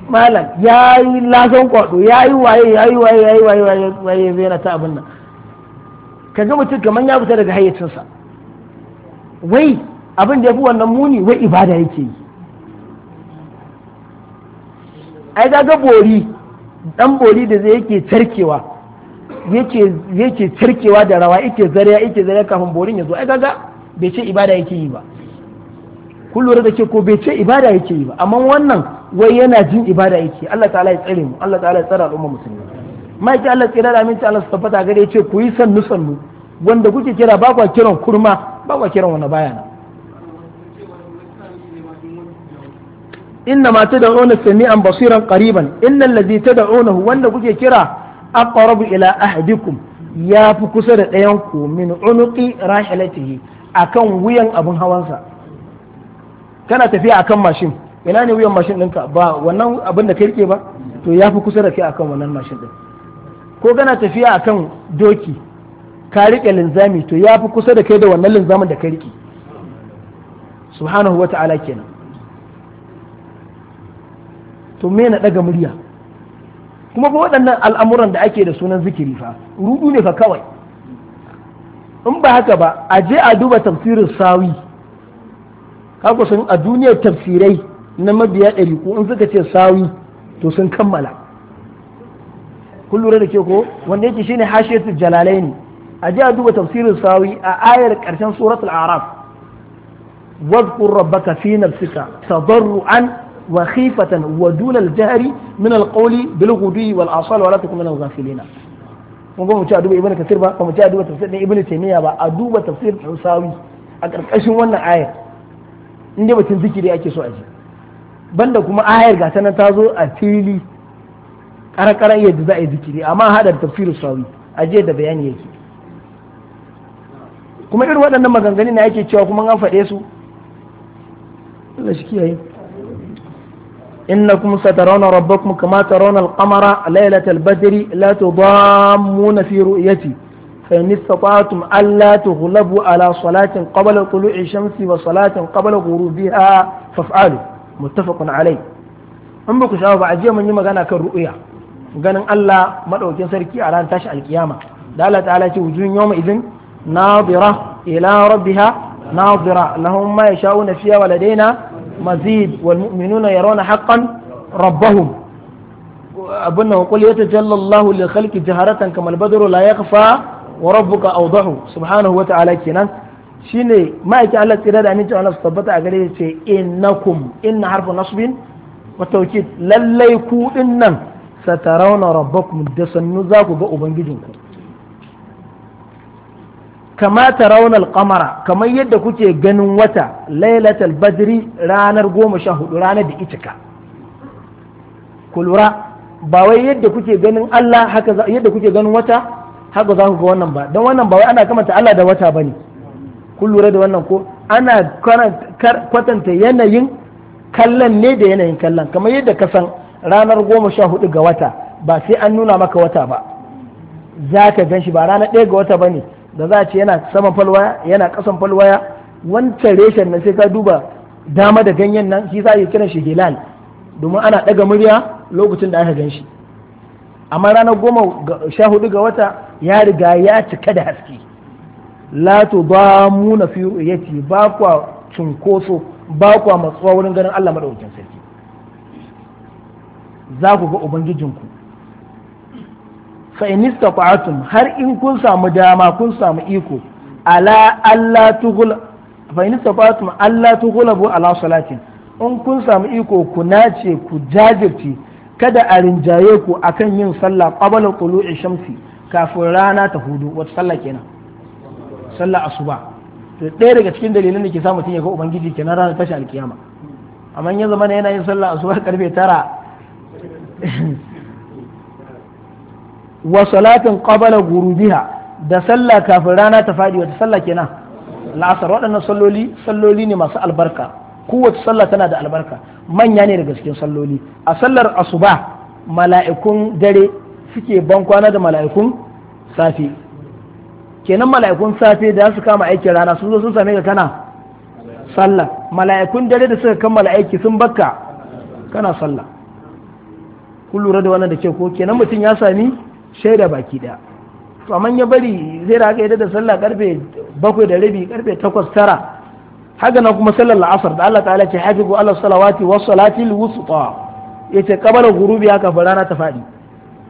malam ya yi lasan kwado ya yi waye ya yi waye ya yi waye waye waye zai yana ta abin nan ka ga mutum kamar ya fita daga hayyacinsa wai abin da ya fi wannan muni wai ibada yake yi ai ga bori dan bori da zai yake tarkewa yake yake cirkewa da rawa yake zariya yake zariya kafin borin ya zo ai gaga. bai ce ibada yake yi ba kun lura da ke ko bai ce ibada yake yi ba amma wannan wai yana jin ibada yake Allah ta'ala ya tsare mu Allah ta'ala ya tsare al'umma musulmi mai Allah tsira da aminci Allah su tabbata gare ce ku yi sannu sannu wanda kuke kira ba kwa kiran kurma ba kwa kiran wani bayana inna ma tad'una sami'an basiran qariban innal ladhi tad'unahu wanda kuke kira aqrabu ila ahadikum ya fi kusa da ɗayan ku min unuqi rahilatihi akan wuyan abin hawansa kana tafiya akan mashin ina ne wuyan mashin ɗinka ba wannan abin da rike ba to ya fi kusa da kai akan wannan mashin ɗin ko kana tafiya akan doki ka riƙe linzami to ya fi kusa da kai da wannan linzamin da ka rike subhanahu wa ta'ala kenan to me na ɗaga murya kuma ba waɗannan al'amuran da ake da sunan zikiri fa rudu ne fa kawai in ba haka ba a je a duba tafsirin sawi kaku sun a duniyar tafsirai na mabiya ɗari ko in suka ce sawi to sun kammala kun lura da ke ko wanda yake shine hashiyatul jalalaini a je a duba tafsirin sawi a ayar ƙarshen suratul araf واذكر ربك في نفسك تضرعا وخيفة ودون الجهر من القول بالغدو والآصال ولا تكن من الغافلين mun ba mu ci a duba ibnu kasir ba ba mu ci a duba tafsir din ibnu taymiya ba a duba tafsir husawi a karkashin wannan ayar inda batun zikiri ake so a ji banda kuma ayar ga ta ta zo a fili karakaran yadda za a yi zikiri amma hada tafsir husawi a je da bayani yake kuma irin waɗannan maganganun ne ake cewa kuma an faɗe su Allah shi kiyaye إنكم سترون ربكم كما ترون القمر ليلة البدر لا تضامون في رؤيتي فإن استطعتم ألا تغلبوا على صلاة قبل طلوع الشمس وصلاة قبل غروبها فافعلوا متفق عليه in ba ku sha ba a mun yi magana kan ru'uya ganin Allah maɗaukin sarki a ranar tashi alkiyama da Allah ta'ala ce wujuhun yawma idin nadira ila rabbiha nadira lahum ma yasha'una fiha wa ladaina mazid والمؤمنون يرون حقا ربهم abin qul ya tajalla Allah li khalqi jaharatan kamal badru la yakfa wa rabbuka awdahu subhanahu wa ta'ala kenan shine ma'aiki a tsira da aminci Allah tabbata a gare yace innakum inna harfu nasbin wa tawkid lallai ku dinnan satarawna rabbakum da sannu za ku ga ubangijinku kama ta raunar kamara kamar yadda kuke ganin wata lailatul badri ranar goma sha hudu ranar da ita ku lura ba wai yadda kuke ganin Allah haka yadda kuke ganin wata haka za ku ga wannan ba don wannan ba wai ana kamanta Allah da wata bane ku lura da wannan ko ana kwatanta yanayin kallon ne da yanayin kallon kamar yadda ka san ranar goma sha hudu ga wata ba sai an nuna maka wata ba za ka gan shi ba ranar ɗaya ga wata ba ne da za a ce yana saman falwaya yana kasan falwaya wancan reshen nan sai ka duba dama da ganyen nan shi za a yi kiran shi hilal domin ana ɗaga murya lokacin da aka gan shi amma ranar goma sha hudu ga wata ya riga ya cika da haske lato ba mu na fiye ya yace ba kwa cunkoso ba kwa matsuwa wurin ganin Allah madaukakin sarki za ku ga ubangijinku fa in istata'tum har in kun samu dama kun samu iko ala alla tughul fa Allah istata'tum alla ala salatin in kun samu iko ku nace ku jajirce kada a rinjaye ku akan yin sallah qabla tulu'i shamsi kafin rana ta hudu wata sallah kenan sallah asuba to ɗaya daga cikin dalilan da ke samu mutum ya ga ubangiji kenan ranar tashi alkiyama amma ya zama yana yin sallah asuba karfe tara wa salatin qabala gurubiha da sallah kafin rana ta fadi wata sallah kenan la'asar waɗannan salloli salloli ne masu albarka kowace sallah tana da albarka manya ne daga cikin salloli a sallar asuba mala'ikun dare suke ban kwana da mala'ikun safe kenan mala'ikun safe da su kama aikin rana sun zo sun same ka kana sallah mala'ikun dare da suka kammala aiki sun bakka kana sallah kun lura da wannan da ke ko kenan mutum ya sami shaida baki ɗaya. to amma ya bari zai raka yadda da sallah karfe bakwai da rabi karfe takwas tara haka na kuma sallar la'asar da Allah ta'ala ce hafizu ala salawati wa salati al-wusta yace qabala gurubi haka fa rana ta faɗi.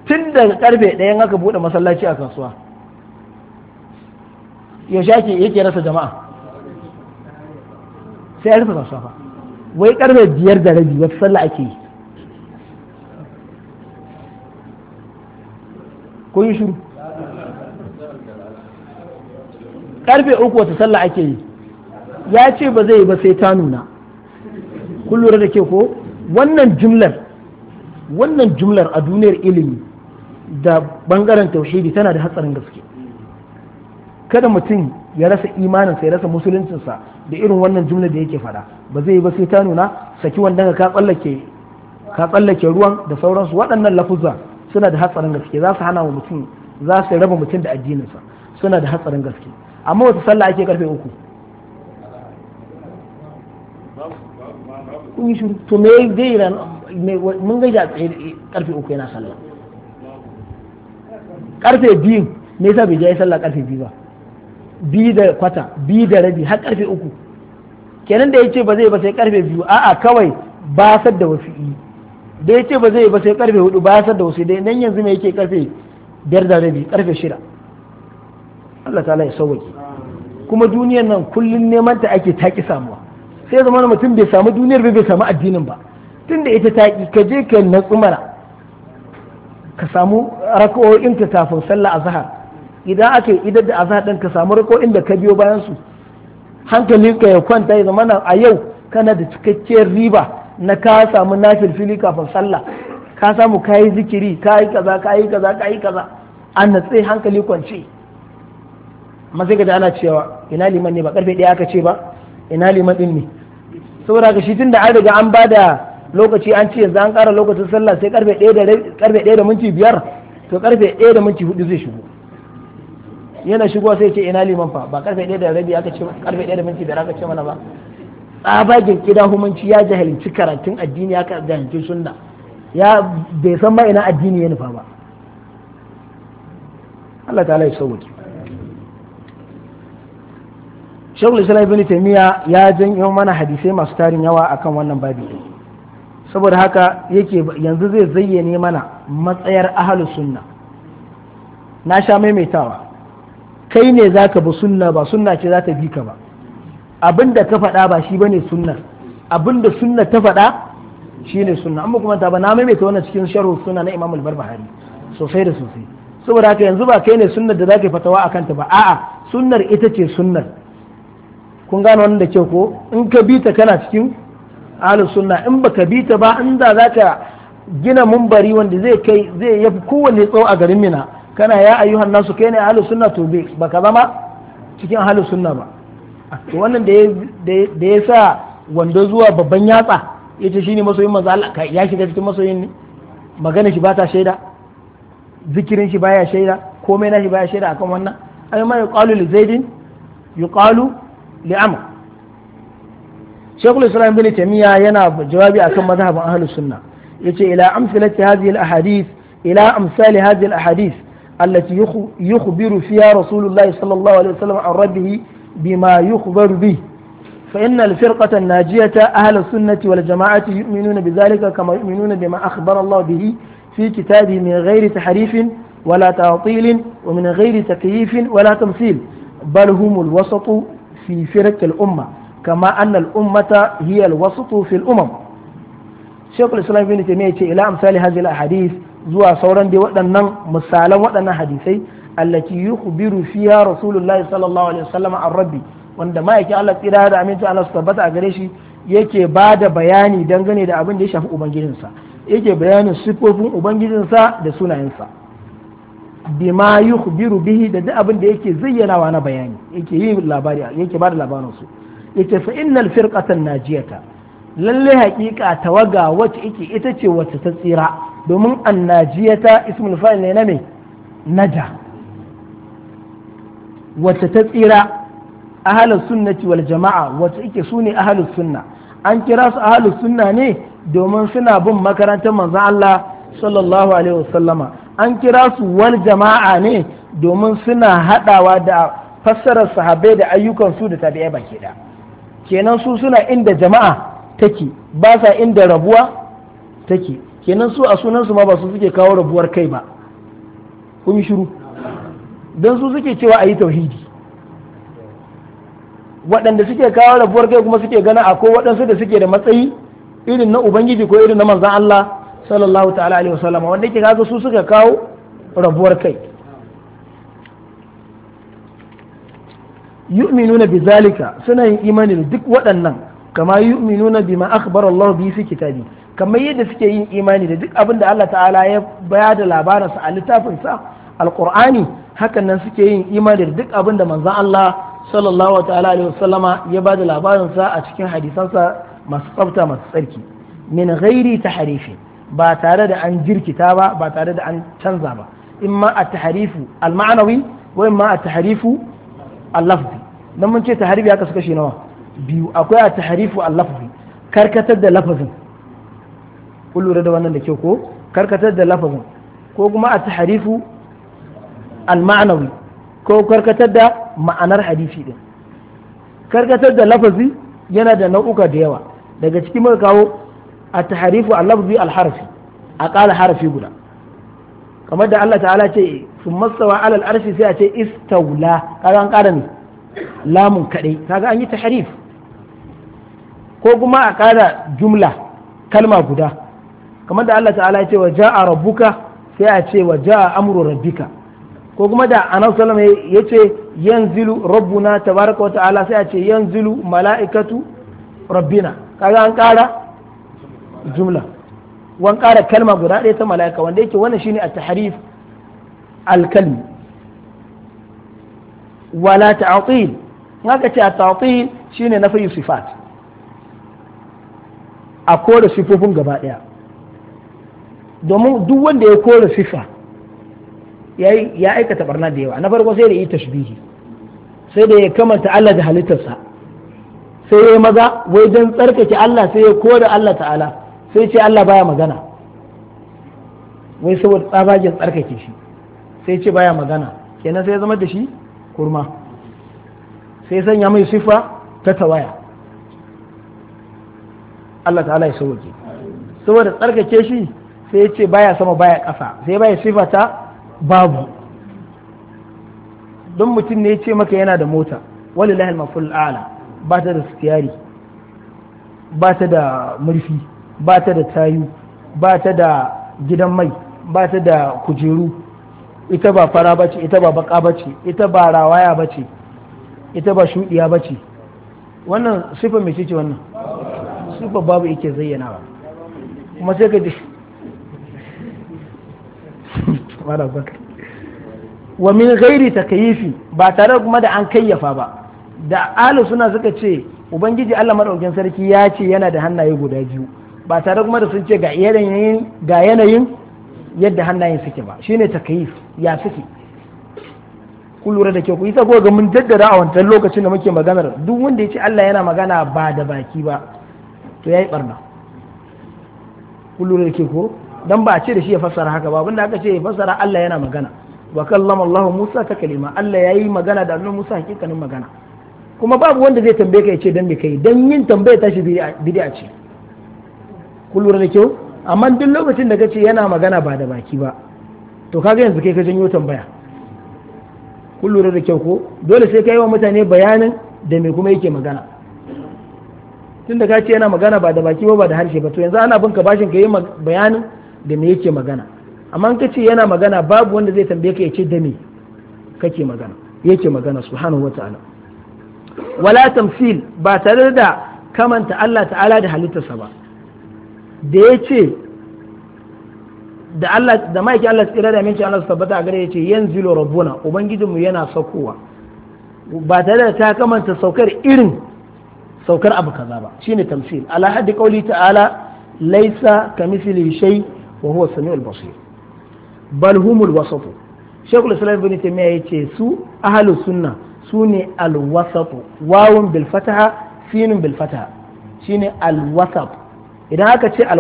tun da karfe ɗayan haka bude masallaci a kasuwa yaushe ake yake rasa jama'a sai ya rufe kasuwa fa wai karfe biyar da rabi wata sallah ake yi ko yi shiru karfe uku wata sallah ake yi ya ce ba zai ba sai ta nuna kun da ke ko wannan jumlar wannan jumlar a duniyar ilimi da bangaren tauhidi tana da hatsarin gaske kada mutum ya rasa imaninsa ya rasa musuluncinsa da irin wannan jumlar da yake fada ba zai ba sai ta nuna saki wanda ka tsallake ruwan da sauransu waɗannan lafuzan suna da hatsarin gaske za su hana wa mutum za su raba mutum da addininsa suna da hatsarin gaske amma wata sallah ake karfe uku kun yi to me zai ran mun gaji a tsaye karfe uku yana sallah karfe biyu me yasa bai je sallah karfe biyu ba biyu da kwata biyu da rabi har karfe uku kenan da ya ce ba zai ba sai karfe biyu a'a kawai ba sad da wafi'i da ya ce ba zai ba sai karfe hudu ba ya da wasu dai nan yanzu mai yake karfe biyar da rabi karfe shida Allah ta'ala ya sauwaki kuma duniyar nan kullum neman ta ake taƙi samuwa sai zama mutum bai samu duniyar bai samu addinin ba tun da ita taƙi ka je ka natsu mana ka samu raka'o'in ka kafin sallah a zahar idan aka yi idar da azhar din ka samu rakoin da ka biyo bayan su hankalinka ka ya kwanta ya zama a yau kana da cikakkiyar riba na ka samu nafil fili kafin sallah ka samu ka yi zikiri ka yi kaza ka yi kaza ka yi kaza an natse hankali kwance amma sai ka ana cewa ina liman ne ba karfe ɗaya aka ce ba ina liman ɗin ne saboda ka shi tun da an riga an ba da lokaci an ce yanzu an ƙara lokacin sallah sai karfe ɗaya da minti biyar to karfe ɗaya da minti hudu zai shigo yana shigo sai ce ina liman fa ba karfe ɗaya da rabi aka ce karfe ɗaya da minti biyar aka ce mana ba tsabagen kida humanci ya jahilci karatun addini ya jahilci sunna ya bai san ma ina addini ya nufa ba Allah ta'ala ya sauwaki shagul islam ibn taimiyya ya janyo mana hadisai masu tarin yawa akan wannan babi saboda haka yake yanzu zai zayyane mana matsayar ahalu sunna na sha maimaitawa kai ne za ka bi sunna ba sunna ce za ta bi ka ba abin da ka faɗa ba shi bane sunna abin da sunna ta faɗa shi ne sunna amma kuma ta ba na maimaita wannan cikin sharhu sunna na Imam Al-Barbahari sosai da sosai saboda haka yanzu ba kai ne sunnar da zaka fatawa akan ta ba a'a sunnar ita ce sunnar kun gane wannan da kyau ko in ka bi ta kana cikin ahlus sunna in baka bi ta ba in da zaka gina mumbari wanda zai kai zai yafi kowanne tsawo a garin Mina kana ya ayyuhan nasu kai ne ahlus sunna to bai baka zama cikin ahlus sunna ba wannan da ya sa wando zuwa babban yatsa ya ce shi ne masoyin manzo Allah ya shiga cikin masoyin ne magana shi ba ta shaida zikirin shi baya shaida komai na shi baya shaida akan wannan ai ma yuqalu li zaidin yuqalu li amr shaykhul islam bin tamiya yana jawabi akan mazhabin ahlus sunna yace ila amsalati hadhihi al ahadith ila amsali hadhihi al ahadith التي يخبر فيها رسول الله صلى الله عليه وسلم عن ربه بما يخبر به فإن الفرقة الناجية أهل السنة والجماعة يؤمنون بذلك كما يؤمنون بما أخبر الله به في كتابه من غير تحريف ولا تعطيل ومن غير تكييف ولا تمثيل بل هم الوسط في فرق الأمة كما أن الأمة هي الوسط في الأمم شيخ الإسلام ابن تيمية إلى أمثال هذه الأحاديث zuwa sauran dai waɗannan misalan waɗannan hadisai allati yukhbiru fiha rasulullahi sallallahu alaihi wasallam an rabbi wanda ma'aikin Allah tsira da aminci Allah su tabbata a gare shi yake ba da bayani dangane da abin da ya shafi ubangijinsa yake bayanin siffofin ubangijinsa da sunayensa bima yukhbiru bihi da duk abin da yake zayyanawa na bayani yake yi labari yake ba da su yake fa innal firqatan najiyata lallai hakika tawaga wacce ita ce wacce ta tsira domin annajiyata ismul fayil ne na me naja wacce ta tsira ahalus sunnati wal jama'a wacce ike su ne ahalus sunna an kira su ahalus sunna ne domin suna bin makarantar manzon Allah sallallahu alaihi wasallama an kira su wal jama'a ne domin suna hadawa da fassarar sahabbai da ayyukan su da tabi'ai baki da kenan su suna inda jama'a take ba sa inda rabuwa take kenan su a sunan su ma ba su suke kawo rabuwar kai ba kun shiru don su suke cewa a yi tauhidi waɗanda suke kawo rabuwar kai kuma suke gana a ko waɗansu da suke da matsayi irin na ubangiji ko irin na manzan Allah sallallahu ta'ala alaihi wanda yake kaga su suka kawo rabuwar kai yu'minuna bizalika suna yin imani da duk waɗannan kama yu'minuna bima akhbara Allah bi fi kitabi kamar yadda suke yin imani da duk abin da Allah ta'ala ya bayar da labarinsa a littafinsa alqur'ani hakan nan suke yin imani da duk abin da manzon Allah sallallahu ta'ala alaihi wasallama ya bada labarin sa a cikin hadisansa masu tsafta masu tsarki min ghairi tahrifi ba tare da an jirkita ba ba tare da an canza ba in ma a taharifu al-ma'nawi wa ma a taharifu al-lafzi dan mun ce tahrifi haka suka shi nawa biyu akwai at-tahrifu al-lafzi karkatar da lafazin kun lura da wannan da kyau ko karkatar da lafazin ko kuma a taharifu. al-ma'anawi ko karkatar da ma'anar hadisi din karkatar da lafazi yana da nau'uka da yawa daga cikin muka kawo a taharifu a lafazi al-harfi a ƙala harfi guda kamar da Allah ta'ala ce sun matsawa alal arshi sai a ce istaula kaga an ƙara ne lamun kaɗai kaga an yi taharif ko kuma a ƙara jumla kalma guda kamar da Allah ta'ala ce wa ja'a rabbuka sai a ce wa ja'a amru rabbika ko kuma da annabi sallallahu ya ce yace yanzilu rabbuna tabaraka wa ta'ala sai a ce yanzilu mala'ikatu rabbina kaga an kara jumla wan kara kalma guda ɗaya ta mala'ika wanda yake wannan shine at-tahrif al-kalmi wala ta'til haka ce at-ta'til shine nafi sifat a kore sifofin gaba ɗaya domin duk wanda ya kore sifa ya aikata barna da yawa na farko sai da yi tashbihi sai da ya kamanta Allah da halittarsa sai ya maza wajen tsarkake Allah sai ya koda Allah ta'ala sai ce Allah baya magana wai saboda tsabagen tsarkake shi sai ce baya magana kenan sai ya zama da shi kurma sai sanya mai sifa ta tawaya Allah ta'ala ya sauke saboda tsarkake shi sai ya ce baya sama baya ƙasa sai baya sifa ta babu don mutum ne ya ce maka yana da mota lahil maful ala ba ta da sitiyari ba ta da murfi ba ta da tayu ba ta da gidan mai ba ta da kujeru ita ba fara ba ce ita ba baka ba ce ita ba rawaya ba ce ita ba shudiya ba ce wannan sifa mai ce wannan sufa babu yake zayyana ba kuma sai ka ji [laughs] wa min ghairi takayyifi ba tare kuma da an kayyafa ba da alu suna suka ce ubangiji Allah madaukakin sarki ya ce yana da hannaye guda biyu ba tare kuma da sun ce ga yanayin ga yanayin yadda hannayen suke ba shine takayyif ya suke ku lura da kyau ku isa ga mun jaddada a wancan lokacin da muke maganar duk wanda ya ce Allah yana magana ba da baki ba to yayi barna ku lura da kyau ko dan ba a ce da shi ya fassara haka ba abinda aka ce ya fassara Allah yana magana wa kallama Allah Musa ta kalima Allah yayi magana da annabi Musa hakikanin magana kuma babu wanda zai tambaye ka yace ce dan me kai dan yin tambaya ta shi bid'a ce ku lura da kyau amma duk lokacin da kace yana magana ba da baki ba to kaga yanzu kai ka janyo tambaya ku lura da kyau ko dole sai ka yi wa mutane bayanin da me kuma yake magana tunda ka ce yana magana ba da baki ba ba da harshe ba to yanzu ana bin ka bashin ka yi bayanin da me yake magana amma ka ce yana magana babu wanda zai tambaye ka ya ce da me kake magana yake magana subhanahu wata'ala wala tamsil ba tare da kamanta Allah ta'ala da halittarsa ba da ya ce da Allah da maiki Allah tsira da minci Allah su tabbata a gare ya ce yanzilu rabbuna ubangijinmu yana saukowa ba tare da ta kamanta saukar irin saukar abu kaza ba shine tamsil ala haddi qauli ta'ala laisa kamithlihi shay' wa huwa samiul basir bal humul wasatu shaykhul islam ibn taymiya yace su ahlus sune al wasatu wawun bil fataha shine al idan haka ce al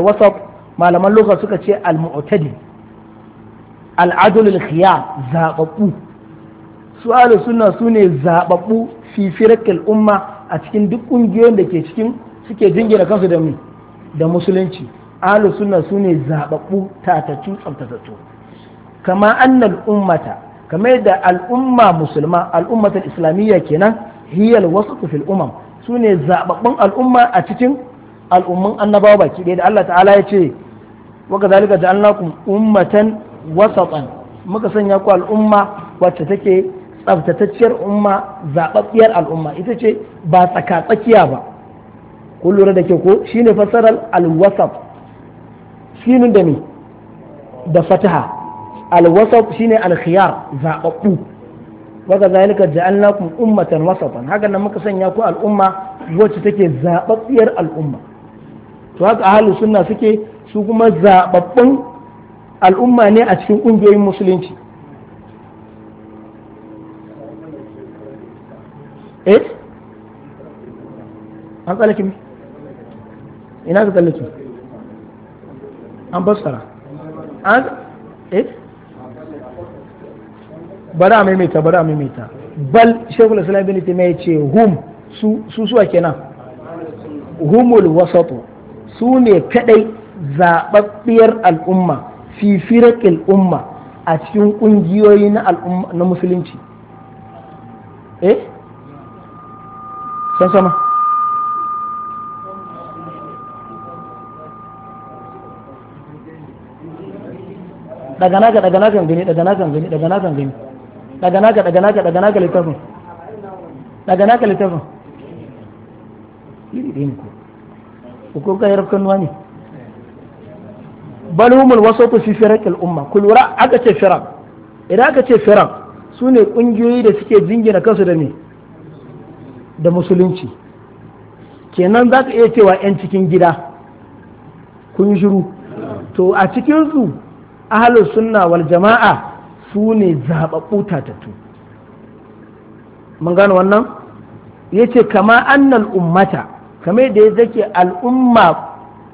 malaman lugha suka ce al mu'tadi al adl su ahlus sune zababbu fi firakil umma a cikin duk ƙungiyoyin da ke cikin suke jingina kansu da mu da musulunci ahlus sunna sune zababbu tatatu tsaftatattu kama annal ummata kamar da al'umma musulma al'ummatul islamiyya kenan hiyal wasatu fil umam sune zababbun al'umma a cikin al'umman annabawa baki ɗaya da Allah ta'ala ya ce wa kadhalika ja'alnakum ummatan wasatan muka sanya ku al'umma wacce take tsaftatacciyar umma zababbiyar al'umma ita ce ba tsaka tsakiya ba kun lura da ke ko shine fasarar al-wasat sinin da ni da fataha alwasaf shine alkhiyar zababbu waka zalika ja'alnakum ummatan wasatan haka nan muka sanya ku al'umma wacce take zababbiyar al'umma to haka ahlus sunna suke su kuma zababbun al'umma ne a cikin kungiyoyin musulunci eh an tsallake ina ka tsallake an fassara an eh bari a maimaita bari a maimaita bal shekul islam bin taimiyya ya ce hum su suwa kenan humul wasatu su ne kadai zababbiyar al'umma fi firaqil umma a cikin kungiyoyi na al'umma na musulunci eh san sama daga naka daga naka gani daga naka gani daga naka gani daga naka daga naka daga naka littafin daga naka littafin iri ɗin ku ko ga yarkan wani bal humul wasatu fi firaqil umma ku lura aka ce firaq idan aka ce firaq sune kungiyoyi da suke jingina kansu da me da musulunci kenan za ka iya cewa 'yan cikin gida kun shiru to a cikin su. ahalus sunna wal jama'a su ne zaɓaɓɓu tatattu mun gano wannan ya ce kama annal ummata kamar da ya zake al'umma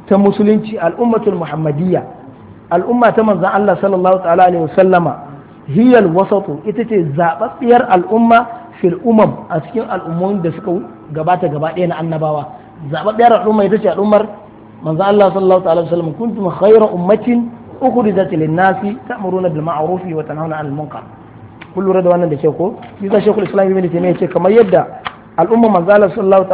ta musulunci al'ummatul muhammadiyya al'umma ta manzan Allah sallallahu ta'ala alaihi wasallama hiyal wasatu ita ce zaɓaɓɓiyar al'umma fil umam a cikin al'ummomin da suka gabata gaba ɗaya na annabawa zaɓaɓɓiyar al'umma ita ce al'ummar manzan Allah sallallahu ta'ala alaihi wasallam kuntum khayra ummatin ukhrijat lin nasi ta'muruna bil ma'ruf wa tanhauna 'anil munkar kun lura da wannan da ke ko shi ga shekul islam ibn taymiya yace kamar yadda al'umma manzala sallallahu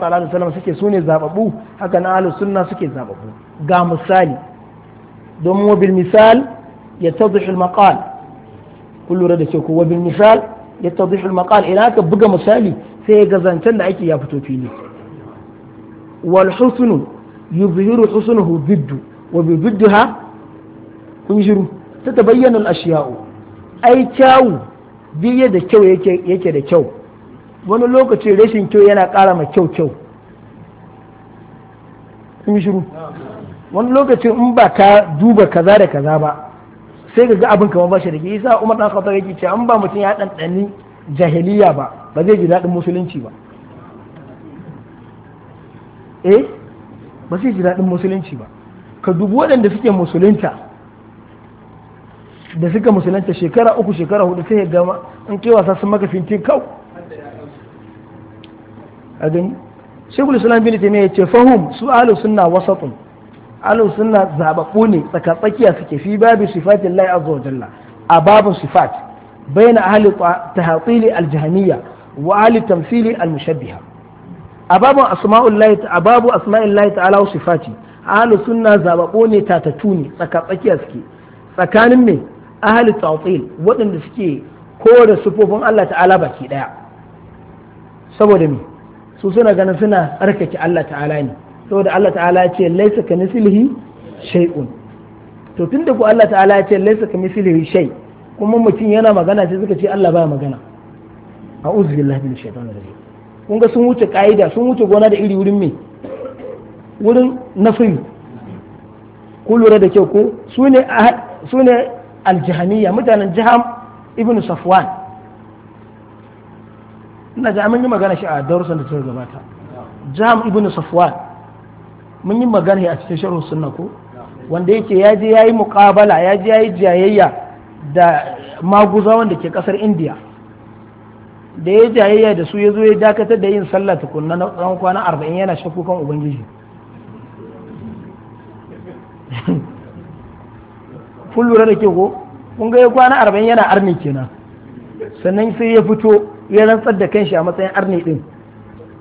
ta'ala alaihi wasallam suke sune zababu haka na sunna suke zababu ga misali domin wa misal yattadhihu al maqal kun da ke ko misal yattadhihu idan aka buga misali sai ga zancen da ake ya fito fili wal husnu yuzhiru husnuhu biddu wa bi تتبين kun shiru ta tabayyana دا ashiyau ai kyawu biye da kyau yake ريشن da kyau wani lokaci rashin kyau yana ƙara ma kyau kyau kun shiru wani lokacin in ba duba kaza da kaza ba sai ka ga abin kamar ba shi da ke isa umar dan khattab yake cewa an ba mutum ya ɗanɗani jahiliya ba ba zai ji daɗin musulunci ba eh ba zai ji daɗin musulunci ba ka dubi waɗanda suke musulunta da suka musulunta shekara uku shekara hudu sai gama in kai wasa sun maka fintin kau a gani shekul islam bin taimiyya ya ce fahim su alu sunna wasatun alu sunna zababbu ne tsaka tsakiya suke fi babu sifatin lai azza wa jalla a babu sifat bayan ahli tahatili aljahaniya wa ahli tamthili almushabbiha a babu asma'ul asma'il lahi ta'ala wa sifati ahlus sunna zababo ne tatatu ne tsaka tsakiya suke tsakanin me ahli tawtil waɗanda suke kore sufofin Allah ta'ala baki daya saboda me su suna ganin suna tsarkake Allah ta'ala ne saboda Allah ta'ala ya ce laisa ka mislihi shay'un to tunda ku Allah ta'ala ya ce laisa ka mislihi shay kuma mutum yana magana sai suka ce Allah baya magana a'udhu billahi minash shaitanir rajim kun ga sun wuce ka'ida sun wuce gona da iri wurin me wurin nafi ku lura da kyau ko su ne aljihaniya mutanen jiham ibn safwan ina ji amin yi magana shi a darussan da ta gabata jiham ibn safwan mun yi magana a cikin sharhun sunna ko wanda yake ya je ya yi muƙabala ya je ya yi jayayya da maguza da ke ƙasar indiya da ya jayayya da su ya zo ya dakatar da yin sallah tukun na tsawon kwana arba'in yana shakukan ubangiji [laughs] kun lura da ke ko kun ga ya kwana arba'in yana arni kenan sannan sai ya fito ya rantsar da kanshi a matsayin arni din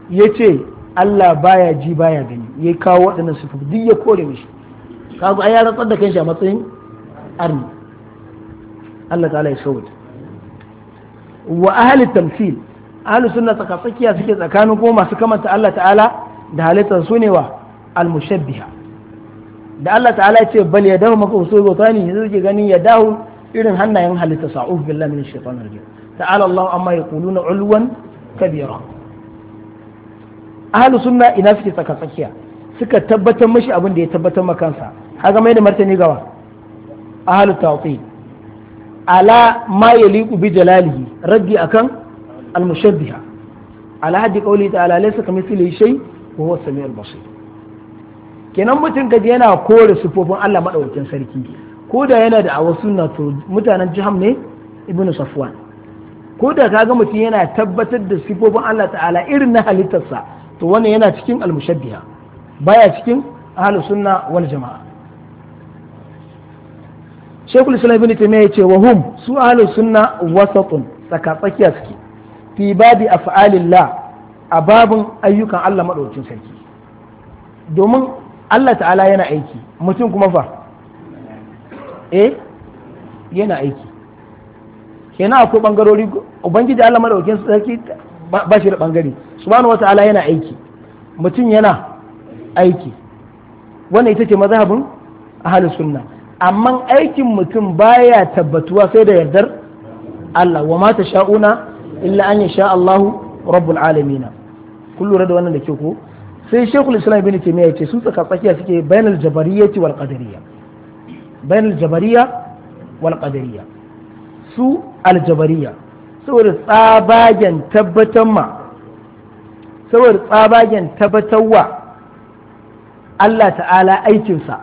ya ce Allah baya ji baya gani ya kawo waɗannan sufu duk ya kore mishi kaga ai ya rantsar da kanshi a matsayin arni Allah ta'ala ya sauta wa ahli tamthil ahli sunna tsaka tsakiya suke tsakanin ko masu kamanta Allah ta'ala da halittar su ne wa al-mushabbiha da Allah ta'ala ya ce bal ya dahu maka usul botani yanzu ke gani ya dahu irin hannayen halitta sa'uf billahi min shaitan rajim ta'ala Allah amma yaquluna ulwan kabira ahlus sunna ina suke tsaka tsakiya suka tabbatar mashi abin da ya tabbatar makansa haka mai da martani gawa ahlus tawfi ala ma yaliqu bi jalalihi raddi akan al-mushabbiha ala hadi qawli ta'ala laysa kamithlihi shay wa huwa as-sami'ul basir kenan mutum kaji yana kore sufofin Allah madaukakin sarki ko da yana da awa suna to mutanen jiham ne ibnu safwan ko da kaga mutum yana tabbatar da sifofin Allah ta'ala irin na halittarsa to wannan yana cikin almushabbiha baya cikin ahlus sunna wal jama'a Sheikhul Islam Ibn Taymiyyah yace wa hum su ahlus sunna wasatun tsaka tsakiya suke fi babi af'alillah a babin ayyukan Allah madaukakin sarki domin Allah ta'ala yana aiki mutum kuma fa eh yana aiki kenan akwai bangarori ubangiji Allah madaukakin sarki ba shi da bangare subhanahu wata'ala yana aiki mutum yana aiki wannan ita ce mazhabin ahlus sunna amma aikin mutum baya tabbatuwa sai da yardar Allah wa ma tasha'una illa an yasha Allahu rabbul alamin kun lura da wannan da ke ko sai shekul islam ibn taymiya ce su tsaka tsakiya suke bainal jabariyyati wal qadariyya bainal jabariyya wal qadariyya su al jabariyya saboda tsabagen tabbatar ma saboda tsabagen tabbatarwa Allah ta'ala aikinsa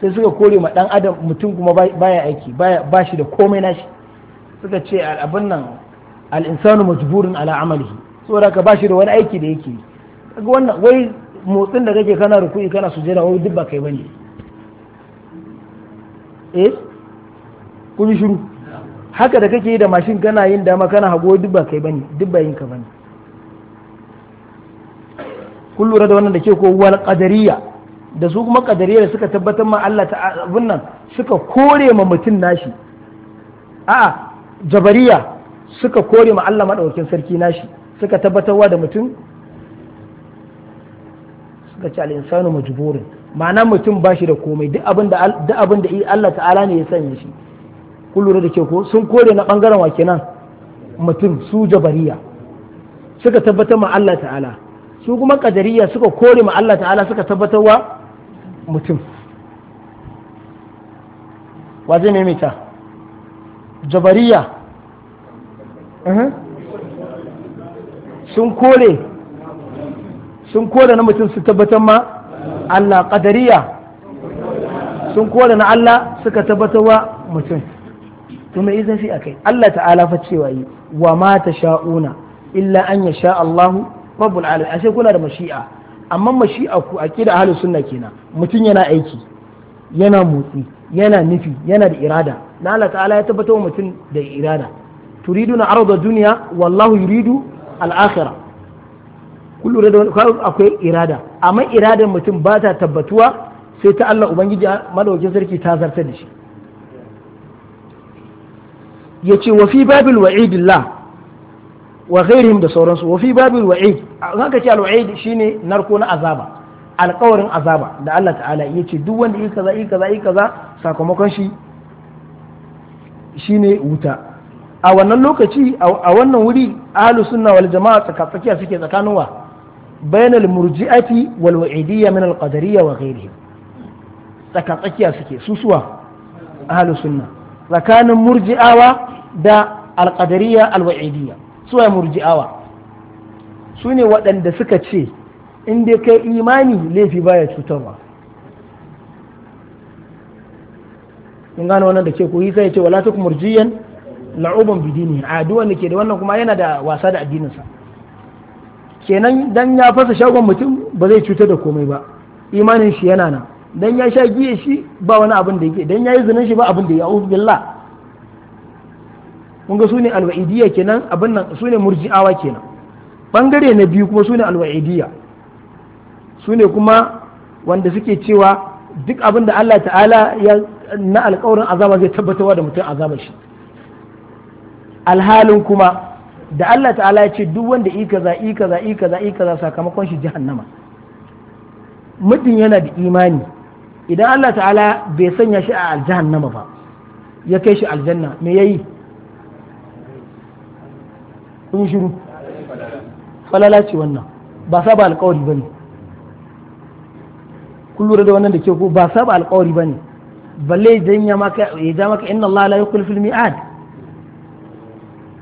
sai suka kore ma dan adam mutum kuma baya aiki ba shi da komai nashi suka ce abin nan al insanu majburun ala amalihi saboda ka ba shi da wani aiki da yake yi kaga wannan wai motsin da kake kana ruku'i kana sujjada wai duk ba kai bane eh kun shiru haka da kake yi da mashin kana yin dama kana hago duk ba kai bane duk ba yin ka bane kun lura da wannan da ke ko wal qadariya da su kuma qadariya da suka tabbatar ma Allah ta abun nan suka kore ma mutum nashi a'a jabariya suka kore ma Allah madaukakin sarki nashi suka tabbatarwa da mutum suka ce al'insanu insanu majburin ma'ana mutum ba shi da komai duk abin da Allah ta'ala ne ya sanya shi kun lura da ke ko sun kore na bangaren wa nan mutum su jabariya suka tabbatar ma Allah ta'ala su kuma kadariya suka kore ma Allah ta'ala suka tabbatar wa mutum wa zai maimaita jabariya sun kore sun kore na mutum su tabbatar ma Allah qadariya sun kore na Allah suka tabbatar wa mutum to me izin fi akai Allah ta'ala fa cewa yi wa ma sha'una illa an yasha Allahu rabbul alamin ashe kuna da mashi'a amma mashi'a ku aqida ahlus sunna kenan mutum yana aiki yana motsi yana nufi yana da irada na Allah ta'ala ya tabbatar wa mutum da irada turiduna arda duniya, wallahu yuridu al-akhirah kun lura da wani akwai irada amma iradan mutum ba ta tabbatuwa sai ta Allah ubangiji madaukin sarki ta zartar da shi yace wa fi babil wa'idillah wa ghairihim da sauransu wa fi babil wa'id haka ce al-wa'id shine narko na azaba alƙawarin azaba da Allah ta'ala yace duk wanda yi kaza yi kaza yi kaza sakamakon shi shine wuta a wannan lokaci a wannan wuri ahlus sunna wal jama'a tsaka suke tsakanin wa bayan al-murji'ati wal wa'idiyya min al-qadariyya wa ghairihim tsaka tsakiya suke su suwa ahlus sunna tsakanin murji'awa da al-qadariyya al-wa'idiyya suwa murji'awa su waɗanda suka ce in dai kai imani laifi baya cutarwa in gano wannan da ke ku yi ce wala tukum murjiyan la'uban bidini a duk ke da wannan kuma yana da wasa da addininsa kenan dan ya fasa shagon mutum ba zai cutar da komai ba imanin shi yana nan dan ya sha giya shi ba wani abin da yake dan ya yi zinin shi ba abin da ya auzu billah mun ga sune alwa'idiyya kenan abin nan sune murji'awa kenan bangare na biyu kuma sune alwa'idiyya sune kuma wanda suke cewa duk abin da Allah ta'ala ya na alƙawarin azaba zai tabbatarwa da mutum azabar shi alhalin kuma da Allah ta'ala ya ce duk wanda i za, i za, i za, i za, sakamakon shi jahannama mutum yana da imani idan Allah ta'ala bai sanya shi a aljahannama ba ya kai shi aljanna me yayi kun shiru falala ce wannan ba saba alkawari bane kun lura da wannan da ke ko ba saba alkawari bane balle idan ya maka ya ja maka inna Allah la yukhlifu al-mi'ad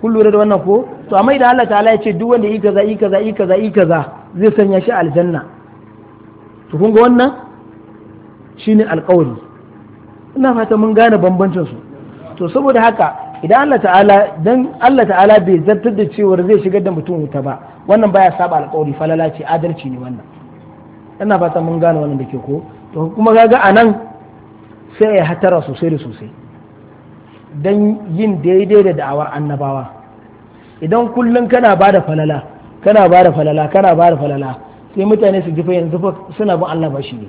kun lura da wannan ko to amma idan Allah ta'ala ya ce duk wanda yi kaza yi kaza yi kaza yi kaza zai sanya shi aljanna to kun ga wannan shine alƙawari ina fata mun gane bambancin su to saboda haka idan Allah ta'ala dan Allah ta'ala bai zartar da cewar zai shigar da mutum wuta ba wannan baya saba alƙawari falala ce adalci ne wannan ina fata mun gane wannan da ke ko to kuma kaga anan sai ya hatara sosai da sosai dan yin daidai da da'awar annabawa idan kullum kana ba da falala kana ba da falala kana ba da falala sai mutane su jifa yanzu suna bin Allah bashi ne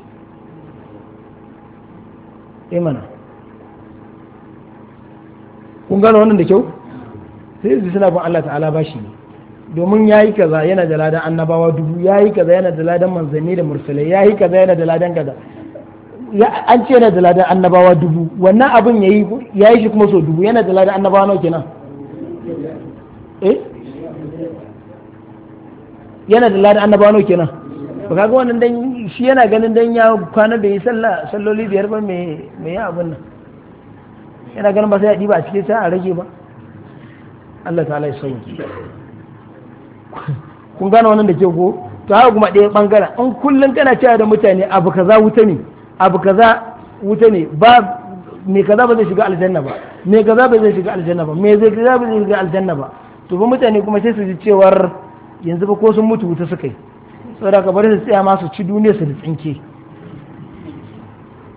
imana eh kun gano wannan da kyau sai su suna bin Allah ta'ala bashi ne domin ya yi kaza yana da ladan annabawa dubu ya yi kaza yana da ladan manzanni da mursalai ya yi kaza yana da ladan kaza an ce yana da ladan annabawa dubu wannan abin ya yi shi kuma so dubu yana da ladan annabawa nawa kenan Eh? yana da lada annabawa nawa kenan ba kaga wannan dan shi yana ganin dan ya kwana bai sallah salloli biyar ba me me ya abin nan yana ganin ba sai ya diba a cikin sai a rage ba Allah ta'ala ya sauki kun gano wannan da ke go to haka kuma ɗaya bangaren in kullum kana cewa da mutane abu kaza wuta ne abu kaza wuta ne ba me kaza ba zai shiga aljanna ba me kaza ba zai shiga aljanna ba me zai kaza ba zai shiga aljanna ba to mutane kuma sai su ji cewar yanzu ba ko sun mutu wuta suka yi saboda ka bari su tsaya masu ci duniya su da tsinke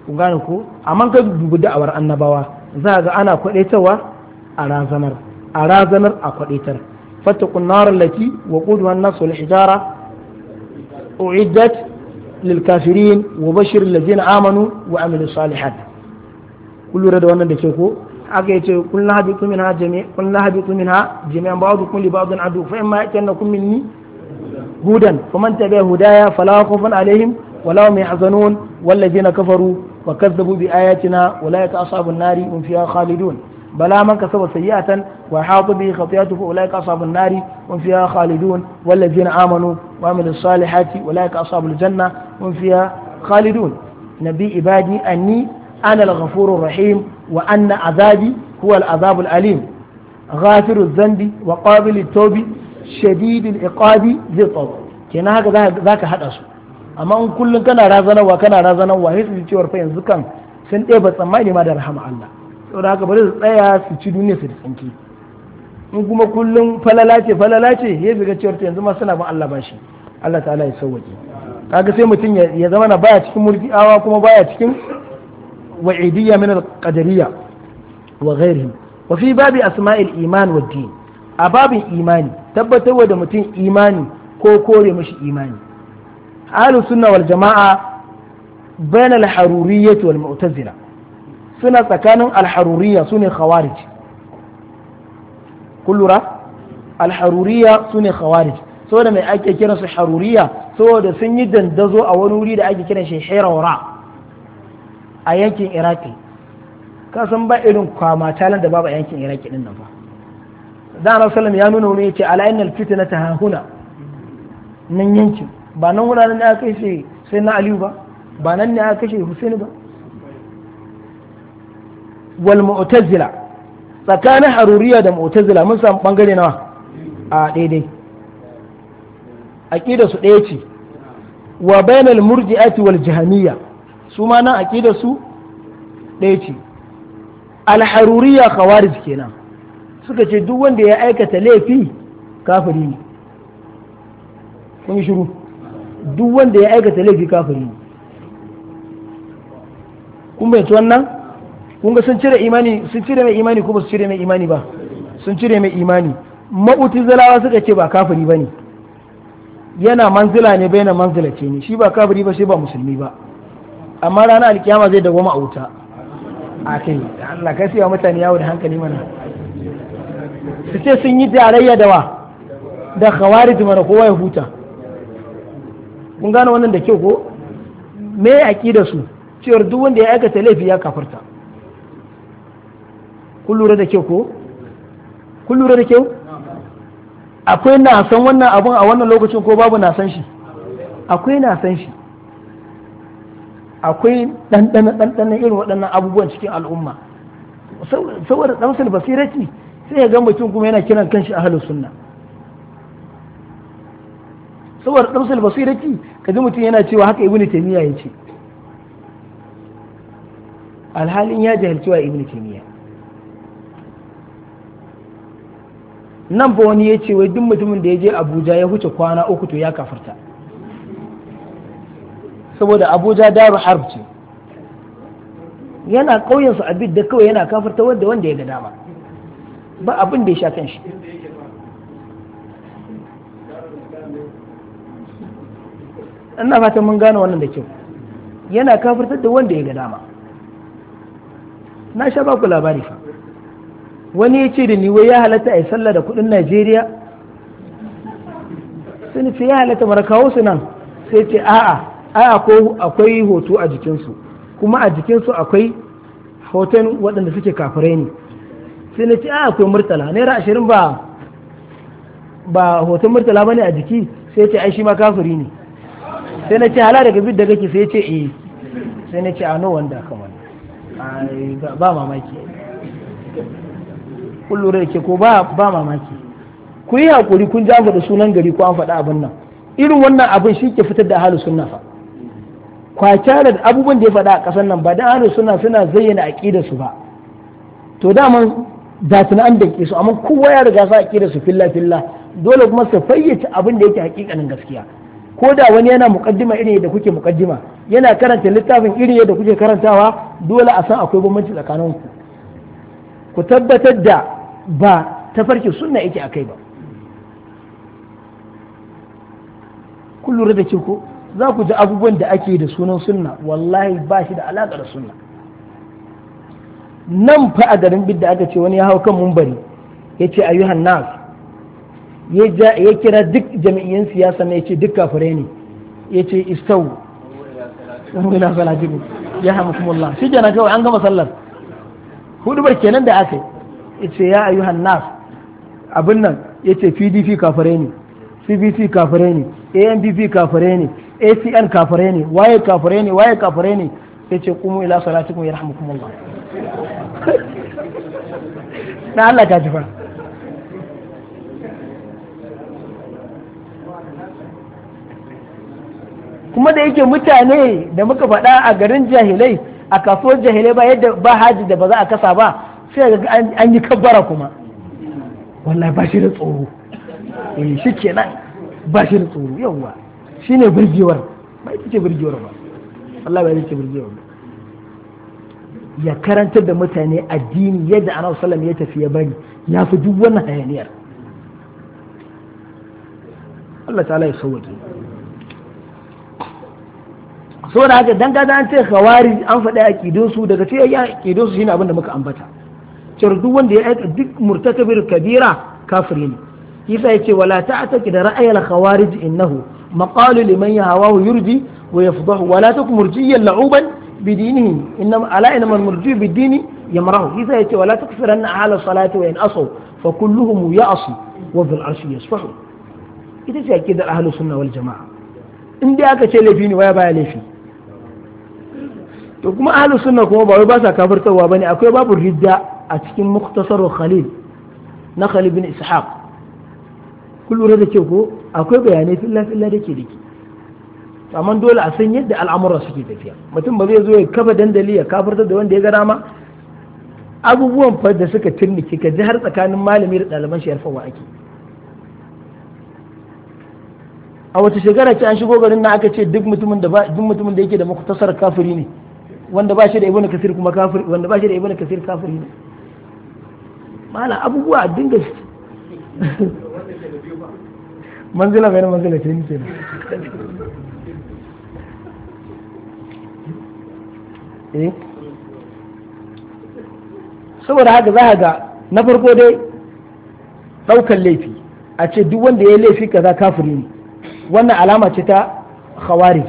ku gane ko amma ka dubi da'awar annabawa za ga ana kwadaitawa a razanar a razanar a kwadaitar Fatta narar laki wa kuduwan nasu hijara uiddat lil kafirin wa bashir lazina amanu wa amilu salihat kullu da wannan da ke ko aka ce kullu hadithu minha jami kullu hadithu minha jami an ba'du kulli ba'dun adu fa imma yatannakum minni hudan faman tabi'a hudaya fala khawfun alaihim wala hum yahzanun walladhina kafaru wa kadzabu bi ayatina wa la ya'tasabu an-nari hum fiha khalidun bala man kasaba sayyatan wa hatu bi khatiyatu fa ulaika ashabu an-nari hum fiha khalidun walladhina amanu wa amilu salihati wa la ya'tasabu al-janna hum fiha khalidun nabi ibadi anni ana al-ghafurur rahim wa anna azabi huwa al-azab al-alim ghafir adh-dhanbi wa qabil at-tawbi shadid al-iqabi zai tsawo kenan haka zaka hada su amma in kullum kana razanarwa kana razanarwa sai su cewar fa yanzu kan sun ɗeba tsammani ma da rahama Allah saboda haka bari su tsaya su ci duniya su da tsinki in kuma kullum falala ce falala ce ya fi ga cewar yanzu ma suna ban Allah bashi Allah ta'ala ya sauwaje kaga sai mutum ya zama na baya cikin murji'awa kuma baya cikin وعيدية من القدرية وغيرهم وفي باب أسماء الإيمان والدين أباب الإيمان تبت ود متين إيماني كو مش إيمان أهل السنة والجماعة بين الحرورية والمعتزلة سنة كانوا الحرورية سنة خوارج كل را الحرورية سنة خوارج سنة ما أجي كنا حرورية سنة سنجد دزو أو نوري دا أجي كنا a yankin iraki ka san ba irin kwama talan da babu a yankin iraki din nan ba da na sallam ya nuna wani yace ala innal fitna huna nan yankin ba nan wuraren da aka kashe sai na aliyu ba ba nan ne aka kashe husaini ba wal mu'tazila tsakanin haruriya da mu'tazila mun samu bangare nawa a daidai aqida su ɗaya ce wa bainal murji'ati wal jahamiyya su ma nan da su ɗaya ce alharuriya khawarij kenan suka ce duk wanda ya aikata laifi kafiri ne kun yi shiru duk wanda ya aikata laifi kafiri ne kun bai wannan kun ga sun cire imani sun cire mai imani kuma ba su cire mai imani ba sun cire mai imani ma'uti zalawa suka ce ba kafiri ba ne yana manzila ne bai na manzila ce ne shi ba kafiri ba shi ba musulmi ba amma ranar alkiyama zai dawoma a wuta a kai Allah ka sai mutane yawo da hankali mana su ce sun yi tarayya da wa da khawarij mana kowa ya huta kun gane wannan da kyau ko me ya su cewar duk wanda ya aikata laifi ya kafarta kun lura da kyau ko kun lura da kyau akwai na san wannan abun a wannan lokacin ko babu na san shi akwai na san shi akwai ɗanɗana irin waɗannan abubuwan cikin al'umma saboda sun basirati sai ya ga mutum kuma yana kiran kanshi a halin sunna saboda sun basirati ka ji mutum yana cewa haka ibnu taymiya ya ce alhalin ya jahilci cewa ibnu taymiya nan ba wani ya ce wai duk mutumin da ya je abuja ya huce kwana uku to ya kafarta saboda abuja daru harb ce yana ƙauyensu a bid da kawai yana kafarta wanda wanda ya ga dama ba abin da ya sha kan shi ina fatan mun gane wannan da kyau yana kafartar da wanda ya ga dama na sha ba ku labari fa wani ya ce da ni wai ya halatta a yi sallah da kudin najeriya sun ce ya halatta mara kawo su nan sai ce a'a ai akwai hoto a jikinsu kuma a jikinsu akwai hoton waɗanda suke kafirai ne sai na ce ai akwai murtala naira ashirin ba ba hoton murtala bane a jiki sai ce ai shi ma kafiri ne sai na ce hala daga bid da kake sai ce eh sai na ce a ah, no wanda kamar ba mamaki kun lura da ke ko ba ba mamaki ku yi hakuri kun jago da sunan gari ko an faɗa abin nan irin wannan abin shi ke fitar da ahalu sunna fa kwakyara da abubuwan da ya faɗa a ƙasar nan ba dan ahlus suna suna zayyana da su ba to dama da tuna an danke su amma kowa ya riga sa da su filla filla dole kuma su fayyace abin da yake hakikanin gaskiya ko da wani yana muƙaddima irin yadda kuke muƙaddima yana karanta littafin irin yadda kuke karantawa dole a san akwai bambanci tsakanin ku ku tabbatar da ba tafarki sunna yake akai ba kullu da ko za ku ji abubuwan da ake da sunan sunna wallahi ba shi da alaƙa da sunna nan fa a garin bidda aka ce wani ya hau kan mumbari ya ce ayyuhan nas ya kira duk jami'in siyasa ne ya ce duk kafirai ne ya ce istau ila salatikum ya Allah shi jana kawai an gama sallar bar kenan da aka ya ce ya ayyuhan nas abin nan ya ce pdp kafirai ne cbc kafirai ne ampp kafirai ne ACN kafare ne waye kafare ne waye kafare ne sai ce kumu ila salatikum yarhamukumullah [laughs] na Allah ka jifa kuma da yake mutane da muka faɗa a garin jahilai a kasuwar jahilai ba yadda ba haji da ba za a kasa ba sai ga an yi kabbara kuma wallahi ba shi da tsoro eh, shi kenan ba shi da tsoro yawwa ne burgewar ba ita ce burgewar ba Allah ba ita ce burgewar ba ya karantar da mutane addini yadda ana sallam ya tafi ya bari ya fi duk wannan hayaniyar Allah ta'ala ya sauwaje saboda haka dan gada an ce khawari an faɗi aqidun su daga ce ya aqidun su shine abin da muka ambata cewar duk wanda ya aika duk murtakabir kabira kafiri ne yasa ce wala ta'taqid ra'ayal khawarij innahu مقال لمن يهواه يرجي ويفضح ولا تكن مرجيا لعوبا بدينه انما الا انما المرجي بالدين يمره اذا يتي ولا تكفرن على الصلاه وان اصوا فكلهم يعصي وفي العرش يصفح اذا جاء كده اهل السنه والجماعه ان دي اكا تشي لفيني ويا بايا لفي تو كما اهل السنه كما باوي باسا كفرتوا بني اكو باب الردة اتكين مختصر وخليل نخل بن اسحاق كل رده تشوفوا akwai bayanai filla-filla da ke dake amma dole a san yadda al'amuran suke tafiya mutum ba zai zo ya kafa dandali ya kafartar da wanda ya gara ma. abubuwan fa da suka turnike ka ji har tsakanin malami da ɗaliban shi yarfawa ake a wace shekara ce an shigo garin na aka ce duk mutumin da duk mutumin da yake da makutasar kafiri ne wanda ba shi da ibnu kasir kuma kafiri wanda ba shi da ibnu kasir kafiri ne mala abubuwa dinga manzila bai na manzila ce nike ne eh saboda haka za ga na farko dai daukan laifi a ce duk wanda ya laifi kaza kafiri ne wannan alama ce ta khawarij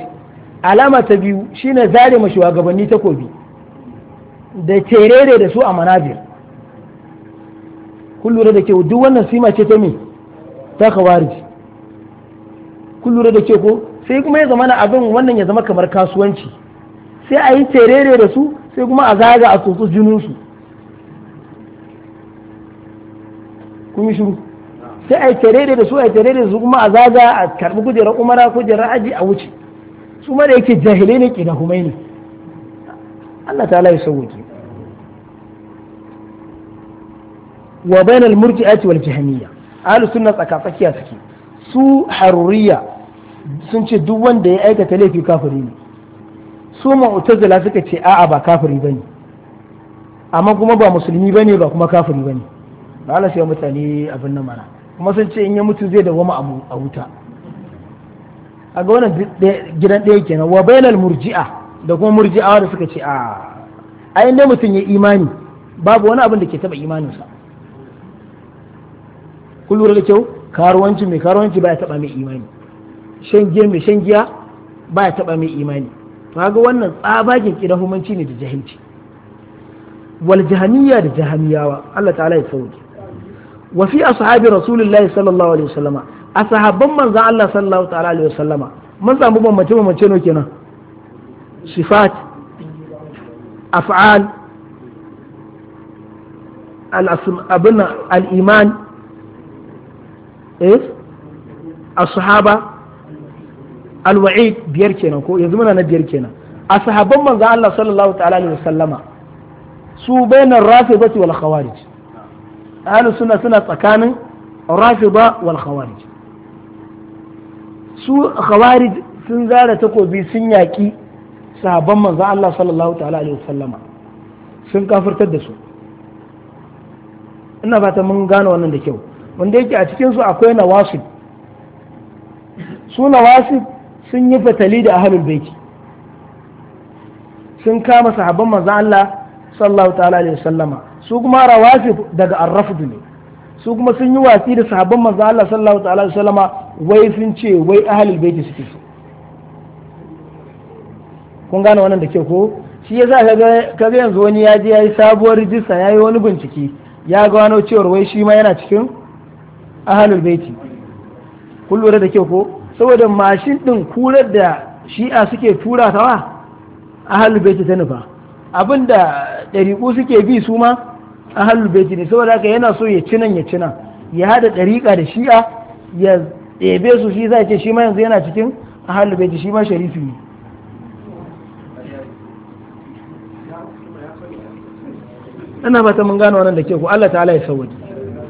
alama ta biyu shine zare ma shugabanni takobi da terere da su a manabir kun lura da kyau duk wannan sima ce ta me ta khawarij kun lura da ke ko sai kuma ya zama na abin wannan ya zama kamar kasuwanci sai a yi terere da su sai kuma a zaga a tsotsi jininsu kun yi shiru sai a yi terere da su a yi terere da su kuma a zaga a karbi kujerar umara kujerar aji a wuce su ma da yake jahilai ne ke da humaini Allah ta ya sauke wa bainal murji'ati wal jahmiyya ahlus sunna tsaka tsakiya suke su haruriya sun ce duk wanda ya aikata laifi kafiri ne su mu'tazila suka ce a'a ba kafiri bane amma kuma ba musulmi bane ba kuma kafiri bane ba Allah sai mutane abin nan mana kuma sun ce in ya mutu zai dawoma mu a wuta a ga wannan gidan ɗaya kenan wa bainal murji'a da kuma Murji'a da suka ce a ai inda mutum ya imani babu wani abin da ke taba imaninsa kun lura da kyau karuwanci mai karuwanci ba ya taba mai imani shan giya mai shan giya ba ya taɓa mai imani to ga wannan tsabagen kirahumanci ne da jahilci wal jahamiyya da jahamiyawa Allah ta'ala ya sauke wa fi ashabi rasulullahi sallallahu alaihi wasallama ashaban manzon Allah sallallahu ta'ala alaihi wasallama mun samu bambance bambance no kenan sifat af'al al-iman eh الصحابة alwa'id biyar kenan ko yanzu muna na biyar kenan a sahabban manzo Allah sallallahu ta'ala alaihi wasallama su bainar rafidati wal khawarij ahlus sunna suna tsakanin rafida wal khawarij su khawarij sun zara takobi sun yaki sahabban manzo Allah sallallahu ta'ala alaihi wasallama sun kafirtar da su ina fata mun gane wannan da kyau wanda yake a cikin su akwai nawasib su nawasib sun yi fatali da ahalin baiti sun kama sahabban manzo Allah sallallahu ta'ala alaihi sallama su kuma rawafi daga arrafu ne su kuma sun yi wasi da sahabban manzo Allah sallallahu ta'ala alaihi sallama wai sun ce wai ahlul baiti suke so kun gane wannan da ke ko shi ya sa kaga yanzu wani ya je ya yi sabuwar rijista ya yi wani bincike ya gano cewar wai shi ma yana cikin ahalul baiti kun da ke ko saboda mashin ɗin kurar da shi'a suke tura tawa ahalul baiti ta nufa abinda ɗariƙu suke bi su ma ahalul baiti ne saboda haka yana so ya cinan ya cinan ya hada ɗariƙa da shi'a ya ɗebe su shi za ce shi ma yanzu yana cikin ahalul baiti shi ma sharifi ne ina fata mun gano wannan da ke ku Allah ta'ala ya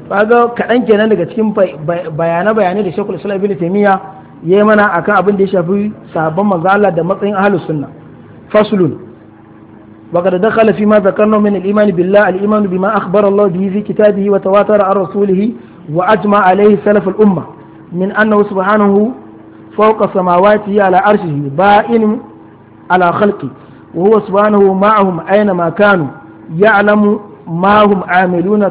Ba ga kaɗan kenan daga cikin bayane-bayane da shekul islam ibn taimiyya yi mana akan abin da ya shafi sabon mazala da matsayin ahalus sunna faslun wa da dakhala fi ma dhakarna min al-iman billah al-iman bima akhbara Allah bihi fi kitabihi wa tawatara ar rasulih wa ajma alayhi salaf al-umma min annahu subhanahu fawqa samawati ala arshihi ba'in ala khalqi wa huwa subhanahu ma'ahum ayna ma kanu ya'lamu ma hum amiluna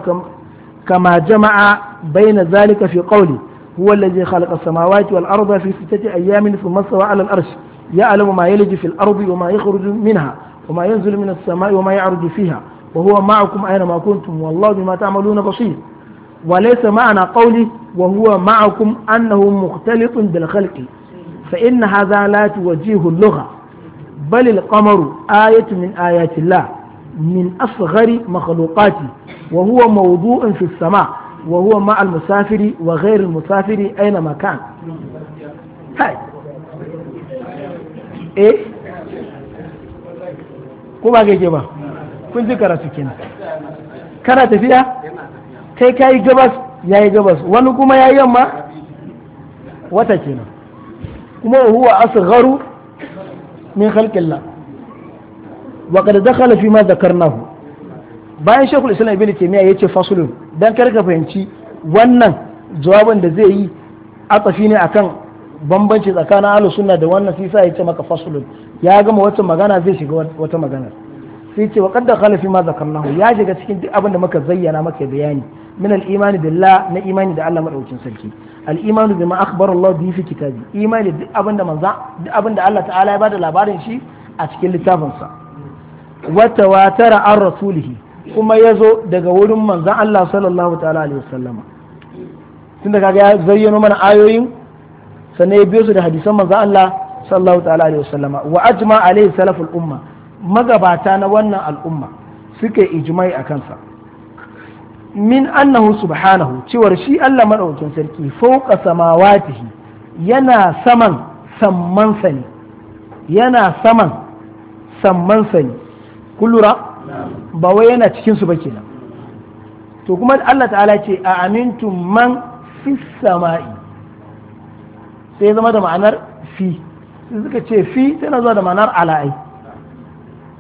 kama jama'a bayna dhalika fi qawlihi هو الذي خلق السماوات والأرض في ستة أيام ثم استوى على الأرش يعلم ما يلج في الأرض وما يخرج منها وما ينزل من السماء وما يعرج فيها وهو معكم أينما كنتم والله بما تعملون بصير وليس معنى قولي وهو معكم أنه مختلط بالخلق فإن هذا لا توجيه اللغة بل القمر آية من آيات الله من أصغر مخلوقاته وهو موضوع في السماء wa huwa ma musafiri wa ghair musafiri aina makan hai eh ko ba gaje ba kun ji karatu kenan kana tafiya kai kai gabas yayi gabas wani kuma yayi yamma wata kenan kuma huwa asgharu min khalqillah wa qad dakhala fi ma dhakarnahu bayan shekul islam ibn taymiya ya ce fasulun dan kar ka fahimci wannan jawabin da zai yi atsafi ne akan bambanci tsakanin ahlus sunna da wannan sa ya ce maka fasulun ya gama wata magana zai shiga wata magana sai ce wa da dakhala fi ma zakarnahu ya shiga cikin duk abin da muka zayyana maka bayani min al imani billah na imani da Allah madaukin sarki al imani bima akhbara Allah bi fi kitabi imani duk abin da manza duk abin da Allah ta'ala ya bada labarin shi a cikin littafinsa wa tawatara an rasulihi kuma ya zo daga wurin manzan Allah sallallahu ta'ala alaihi sallama tun da kaga ya zayyano mana ayoyin sannan ya biyo su da hadisan manzan Allah sallallahu ta'ala alaihi sallama wa ajma alaihi salaful umma magabata na wannan al'umma suke ijma'i a kansa min annahu subhanahu cewar shi Allah madaukakin sarki fauqa samawatihi yana saman samman sani yana saman samman sani kullura ba wai yana cikin su ba kenan to kuma Allah ta'ala ce a amintum man fi sama'i sai zama da ma'anar fi sai suka ce fi na zuwa da ma'anar ala'ai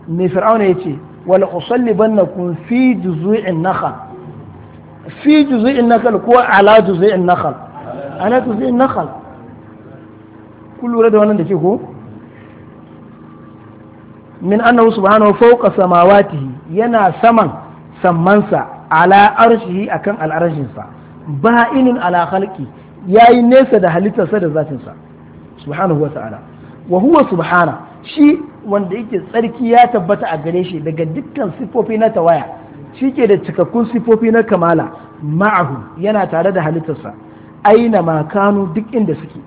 mai fir'auna ya ce wala usallibannakum fi juzu'in nakhal في جزء النخل كو على جزء النخل على جزء da كل ولد وانا دكي من أنه سبحانه فوق سماواته yana saman sammansa ala arshihi akan al'arshinsa ba'inin ala khalqi yayi nesa da halittarsa da zatinsa subhanahu wa ta'ala wa huwa subhana shi wanda yake tsarki ya tabbata a gare shi daga dukkan sifofi na tawaya shi ke da cikakkun sifofi na kamala ma'ahu yana tare da halittarsa aina ma kanu duk inda suke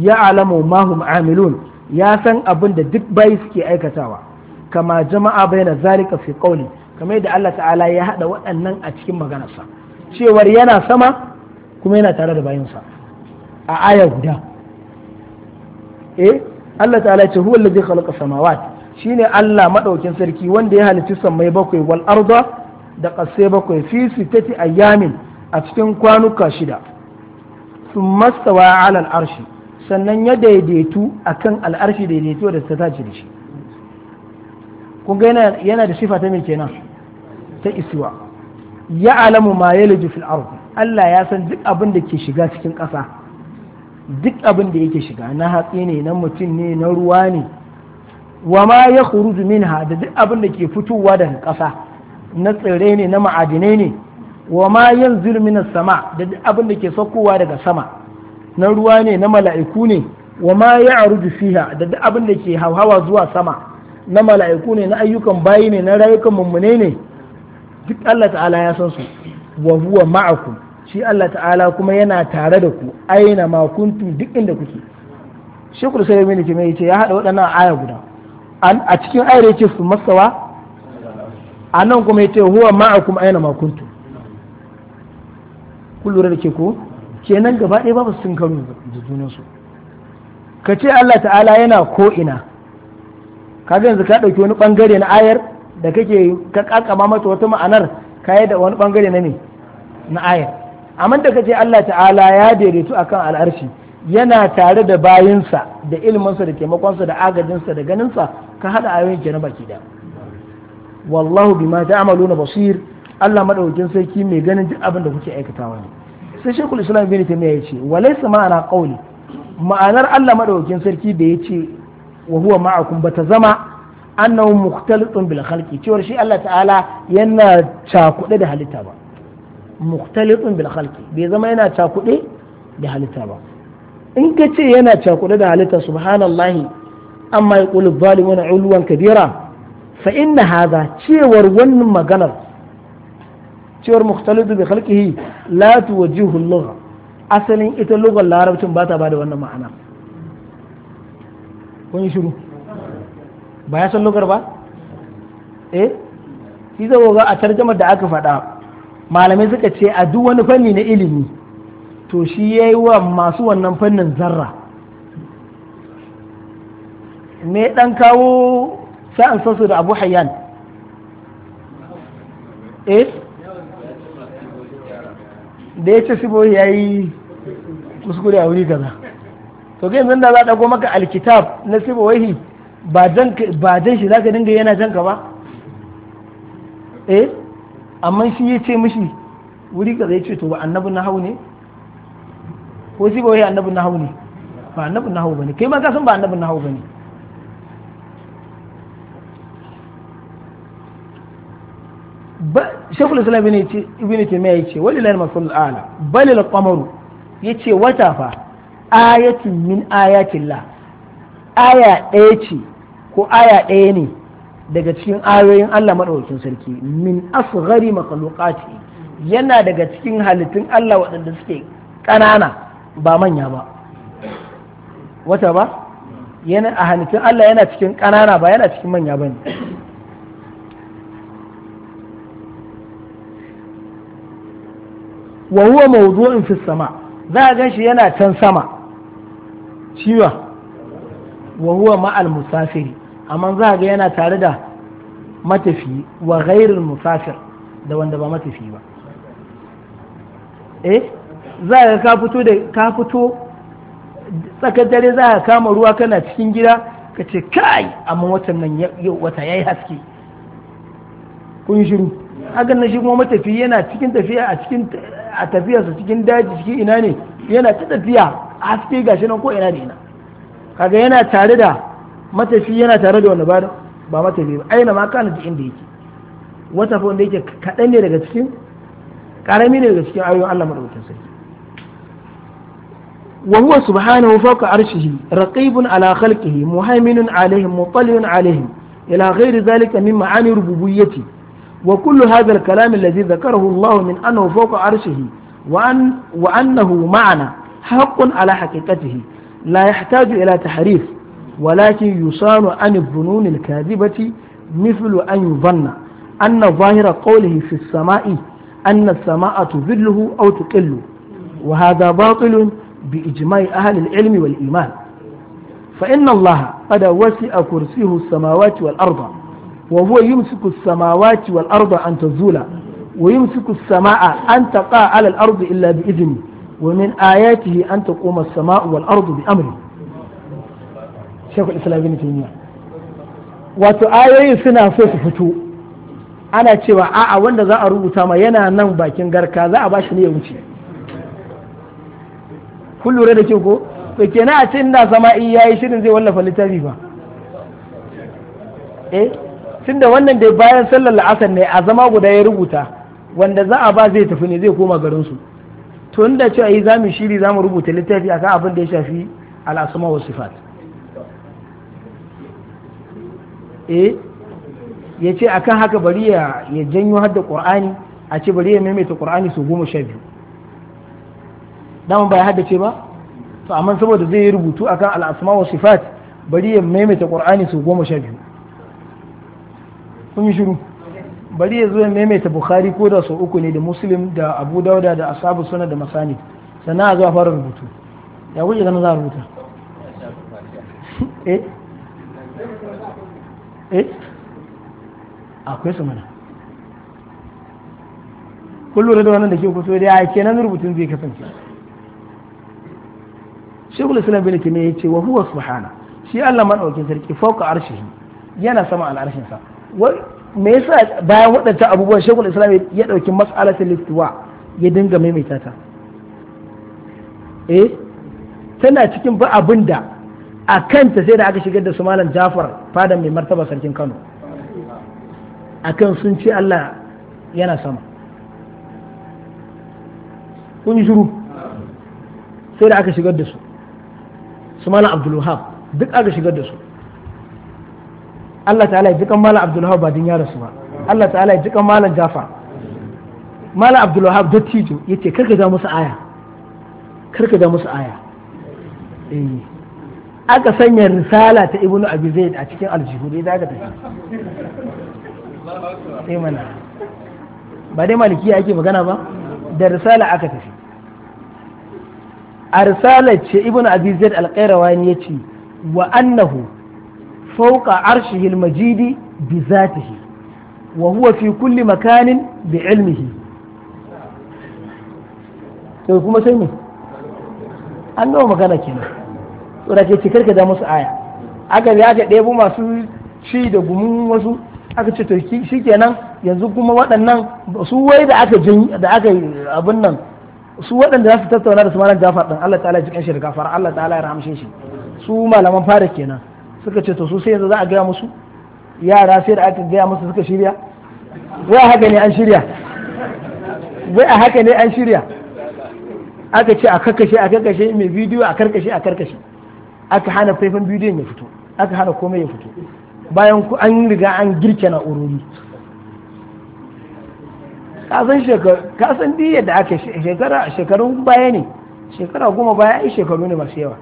ya alamu mahum amilun ya san abin da duk bayi suke aikatawa kama jama'a bayna zalika fi qawli kamar yadda Allah ta'ala ya haɗa waɗannan a cikin maganarsa cewar yana sama kuma yana tare da bayansa a aya guda eh Allah ta'ala ce huwa allazi khalaqa samawati shine Allah madaukin sarki wanda ya halitta sammai bakwai wal arda da ƙasai bakwai fi sittati ayyamin a cikin kwanuka shida thumma stawa ala al arshi sannan ya daidaitu akan al arshi daidaito da ta tace da shi Kunga yana da sifa ta mai kenan ta isuwa ya alamu ma yaliju fil ard Allah ya san duk abin da ke shiga cikin ƙasa duk abin da yake shiga na hatsi ne na mutum ne na ruwa ne wa ma ya khuruju minha da duk abin da ke fitowa daga ƙasa na tsirrai ne na ma'adinai ne wa ma yanzilu minas sama da duk abin da ke saukowa daga sama na ruwa ne na mala'iku ne wa ma ya fiha da duk abin da ke hauhawa zuwa sama na mala'iku ne na ayyukan bayi ne na rayukan mummune ne duk Allah ta'ala ya san su wa huwa ma'akum shi Allah ta'ala kuma yana tare da ku aina ma kuntum duk inda kuke shekul sai mai ke mai yace ya hada waɗannan aya guda a cikin ayar yace su masawa a nan kuma yace huwa ma'akum aina ma kuntum kun da ke ko kenan gaba ɗaya babu sun karo da junan ka ce Allah ta'ala yana ko ina kaga yanzu ka ɗauki wani ɓangare na ayar da kake ka kakama mata wata ma'anar ka yi da wani ɓangare na ne na ayar amma da kace Allah ta'ala ya daidaitu akan al'arshi yana tare da bayinsa da ilminsa da taimakonsa da agajinsa da ganinsa ka haɗa ayoyin na baki da wallahu bima ta'maluna basir Allah madaukakin sarki mai ganin duk abin da kuke aikatawa ne sai shekul islam bin tamiya ya ce walaisa ma'ana qawli ma'anar Allah maɗaukin sarki da ya ce wa huwa ba ta zama annahu mukhtalitun bil khalqi cewar shi Allah ta'ala yana cakuɗe da halitta ba mukhtalitun bil khalqi bai zama yana cakuɗe da halitta ba in ka ce yana cakuɗe da halitta subhanallahi amma yaqulu zalimuna ulwan kabira fa inna hadha cewar wannan maganar cewar mukhtalitun bil khalqihi la tuwajjihu asalin ita lugar larabcin ba ba da wannan ma'ana kun shiru ba ya san lokar ba eh shi zai ga a tarjamar da aka faɗa malamai suka ce a duk wani fanni na ilimi to shi ya yi wa masu wannan fannin zarra me dan kawo sa'an sosu da abu hayyan eh da ya ce sibo ya yi kuskure a wuri kaza to ga yanzu da za a dago maka alkitab na sibawahi ba ba dan shi ka dinga yana janka ba eh amma shi ya ce mishi wuri ka zai ce to ba annabi na hau ne ko wahi annabi na hau ne ba annabi na hau bane kai ma ka ba annabi na hau bane shekul islam ibn taymiya yace walilahi masallu ala balil qamaru yace wata fa ayatin min ayatillah aya ɗaya ce ko aya ɗaya ne daga cikin ayoyin Allah maɗaukin sarki min asghari makhluqati yana daga cikin halittun Allah waɗanda suke ƙanana ba manya ba wata ba yana a halittun Allah yana cikin ƙanana ba yana cikin manya ba ne wa huwa mawdu'un fi sama za a gan shi yana can sama Ciwa wa huwa ma'al musafiri amma za ga yana tare da matafi wa ghairul musafir da wanda ba matafi ba eh za ga ka fito da ka fito tsakar za ka kama ruwa kana cikin gida ka ce kai amma watan nan yau wata yayi haske kun shiru hakan na shi kuma matafi yana cikin tafiya a cikin a tafiyarsa cikin daji cikin ina ne yana ta tafiya haske gashi nan ko ina da ina kaga yana tare da matafi yana tare da wani ba ba matafi ba aina ma kana da inda yake wata fa wanda yake kaɗan ne daga cikin ƙarami ne daga cikin ayoyin Allah madaukakin sarki wa huwa subhanahu fawqa arshihi raqibun ala khalqihi muhaiminun alaihim mutaliyun alaihim ila ghairi zalika min ma'ani rububiyyati wa kullu hadha al-kalam alladhi dhakarahu Allah min annahu fawqa arshihi wa an wa annahu ma'ana haƙƙun ala haqiqatihi la yahtaju ila tahrif walakin yusanu an ibnun al-kadhibati mithlu an yuzanna anna zahira qawlihi fi as-sama'i anna as-sama'a tudhilluhu aw tuqillu wa hadha batilun بإجماع أهل العلم والإيمان فإن الله قد وسع كرسيه السماوات والأرض وهو يمسك السماوات والأرض أن تزولا ويمسك السماء أن تقع على الأرض إلا بإذنه ومن آياته أن تقوم السماء والأرض بأمره شيخ الإسلام بن تيمية wato ayoyi suna so su fito ana cewa a'a wanda za a rubuta ma yana nan bakin garka za a bashi ne ya wuce kun lura da ke ko to kenan a ce ina zama in yayi shirin zai wallafa littafi ba eh tunda wannan dai bayan sallar la'asar ne a zama guda ya rubuta wanda za a ba zai tafi ne zai koma garin su tun da cewa yi za mu shiri za mu rubuta littafi akan abin da ya shafi al'asuma wa sifat eh ya ce akan haka bari ya janyo hadda qur'ani a ce bari ya maimaita qur'ani su goma sha biyu daman ba ya ce ba to amma saboda zai yi rubutu akan al'asuma wa sifat bari ya maimaita qur'ani su goma sha biyu kun yi shiru bari ya zo ya maimaita bukhari ko da sau uku ne da muslim da abu dauda da asabu suna da masani sannan a zuwa fara rubutu ya kuke ganin za a rubuta [laughs] eh eh akwai su mana kullum da wannan da ke kusa da ya kenan rubutun zai kasance shekul islam bin kime ya ce wa huwa subhana shi allah maɗaukin sarki fauka arshihi yana sama al'arshinsa me yasa bayan waɗancan abubuwan shekul islam ya ɗauki mas'alatul istiwa ya dinga maimaita ta eh tana cikin ba abin da a kanta sai da aka shigar da su malam jafar fadan mai martaba sarkin kano a kan sun ce allah yana sama kun shuru sai da aka shigar da su su malam abdulwahab duk aka shigar da su Allah ta'ala ya jikan malam Abdulwahab ba din ya rasu ba Allah ta'ala ya jikan malam Jafa malam Abdulwahab dattijo yace karka ga musu aya karka ga musu aya eh aka sanya risala ta Ibnu Abi Zaid a cikin aljihu da ga tafi sai eh mana ba dai maliki ake magana ba da risala aka tafi a risalar ce ibn abi zaid al-qayrawani yace wa annahu fauka arshihil majidi bi zatihi wa huwa fi kulli makanin bi ilmihi to kuma sai me an nawa magana kenan to da ke cikar da musu aya aka ga aka ɗebo masu ci da gumin wasu aka ce to shikenan yanzu kuma waɗannan su wai da aka jin da aka abin nan su waɗanda za su tattauna da su malam Jafar Allah ta'ala ya jikan shi da Allah ta'ala ya rahamshe shi su malaman fara kenan suka ce to su sai yanzu za a gaya musu yara sai da aka gaya musu suka shirya wai a haka ne an shirya wai a haka ne an shirya aka ce a karkashe a karkashe mai bidiyo a karkashe a karkashe aka hana faifan bidiyon ya fito aka hana komai ya fito bayan an riga an girke na'urori kasan shekaru kasan biyar da aka shekara shekarun baya ne shekara goma baya ai shekaru ne masu yawa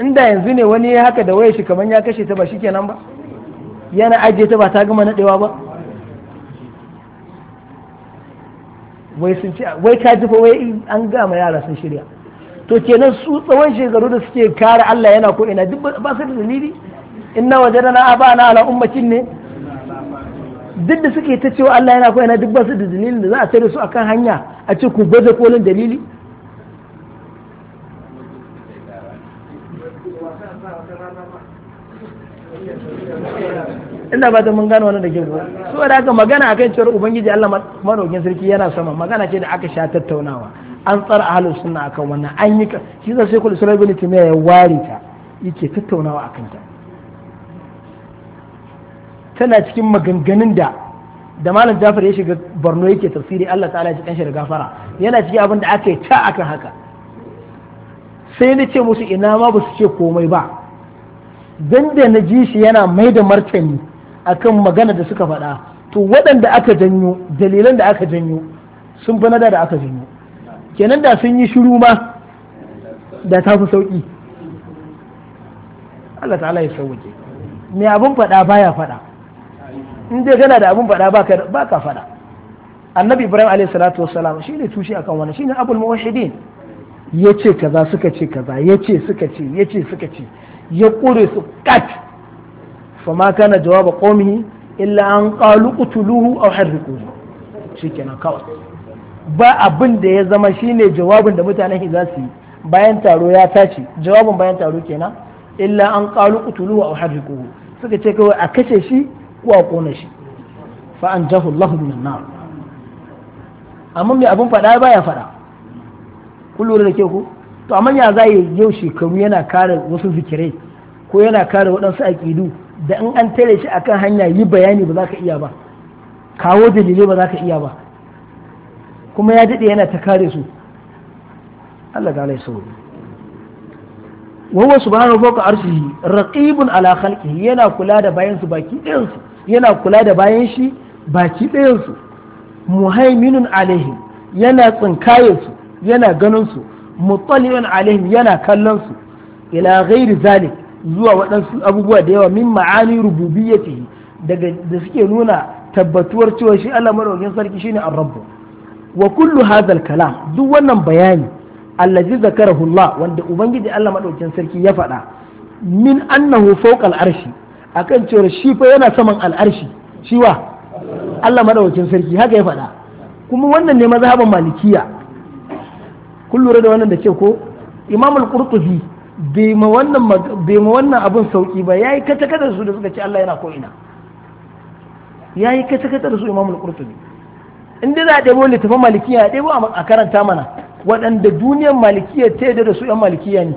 inda yanzu ne wani ya haka da waya shi kamar ya kashe ta ba shi kenan ba yana ajiye ta ba ta gama nadewa ba wai sun ce wai ka ji fa wai an gama yara sun shirya to kenan su tsawon shekaru da suke kare Allah yana ko ina duk ba su da dalili inna wajadana abana ala ummatin ne duk da suke ta cewa Allah yana ko ina duk ba su da dalili da za a tare su akan hanya a ce ku baje kolin dalili ina ba ta mun gano wani da ke ko so da aka magana akan cewar ubangiji Allah madaukin sarki yana sama magana ce da aka sha tattaunawa an tsara suna sunna akan wannan an yi ka shi da sai kullu sulaiman ibn ya ware ta yake tattaunawa akan ta tana cikin maganganun da da malam Jafar ya shiga Borno yake tafsiri Allah ta'ala ya kanshi da gafara yana cikin abin da aka yi ta akan haka sai na ce musu ina ma ba su ce komai ba dan da na ji shi yana mai da martani akan magana da suka faɗa to waɗanda aka janyo dalilan da aka janyo sun fi nada da aka janyo kenan da sun yi shiru ma da ta fi sauƙi Allah ta'ala ya sauke me abin faɗa baya faɗa in dai kana da abin faɗa ba ka faɗa annabi ibrahim alayhi salatu wassalam ne tushe akan wannan shine abul muwahhidin yace kaza suka ce kaza yace suka ce yace suka ce ya kure su kat فما كان جواب قومه إلا أن قالوا قتلوه أو حرقوه شكرا كوي ba abin da ya zama shine jawabin da mutane za su yi bayan taro ya tashi jawabin bayan taro kenan illa an qalu qutuluhu aw harriquhu suka ce kawai a kashe shi ko a kona shi fa amma mai abin faɗa baya faɗa kun lura da ke ku to amma ya za yau shekaru yana kare wasu zikirai ko yana kare waɗansu aƙidu da in an tare shi akan hanya yi bayani ba za ka iya ba kawo dalilai ba za ka iya ba kuma ya daɗe yana ta kare su Allah ta sauri wawa subhanahu fawqa arshihi raqibun ala khalqihi yana kula da bayan su baki ɗayan su yana kula da bayan shi baki ɗayan su muhaiminun alaihim yana tsinkaye su yana ganin su muttali'un alaihim yana kallon su ila ghairi zalik zuwa waɗansu abubuwa da yawa min ma'ani rububiyyati daga da suke nuna tabbatuwar cewa shi Allah madaukakin sarki shine ar-rabb wa kullu hadha kalam duk wannan bayani allazi zakarahu Allah wanda ubangiji Allah madaukakin sarki ya faɗa min annahu fawqa al-arshi akan cewa shi fa yana saman al-arshi shi wa Allah madaukakin sarki haka ya faɗa kuma wannan ne mazhaban malikiya kun da wannan da ce ko imamul qurtubi bai ma wannan abin sauki ba ya yi kata kata da su da suka ce Allah yana ko ina ya yi kata kata da su al qurtubi in dai za a ɗebo littafin malikiya a ɗebo a karanta mana waɗanda duniyar malikiya ta yadda da su yan malikiya ne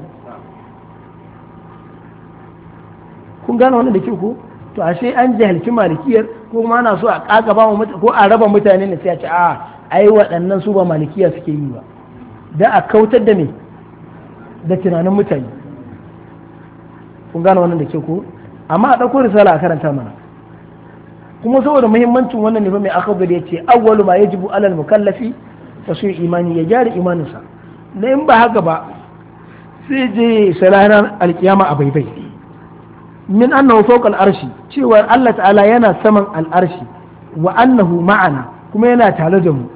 kun gane wannan da ke ko to ashe an jahilci malikiyar ko kuma ana so a ƙaƙaba ko a raba mutane ne sai a ce a ah, ai waɗannan su ba malikiya suke yi ba da a kautar da me da tunanin mutane kun gane wannan da ke ko amma a ɗauko risala a karanta mana kuma saboda muhimmancin wannan ne fa mai akabar ya ce awwalu ma yajibu alal mukallafi ta su imani ya gyara imaninsa na in ba haka ba sai je salaran alkiyama a baibai min annahu fawqa al-arshi cewa Allah ta'ala yana saman al'arshi wa annahu ma'ana kuma yana tare da mu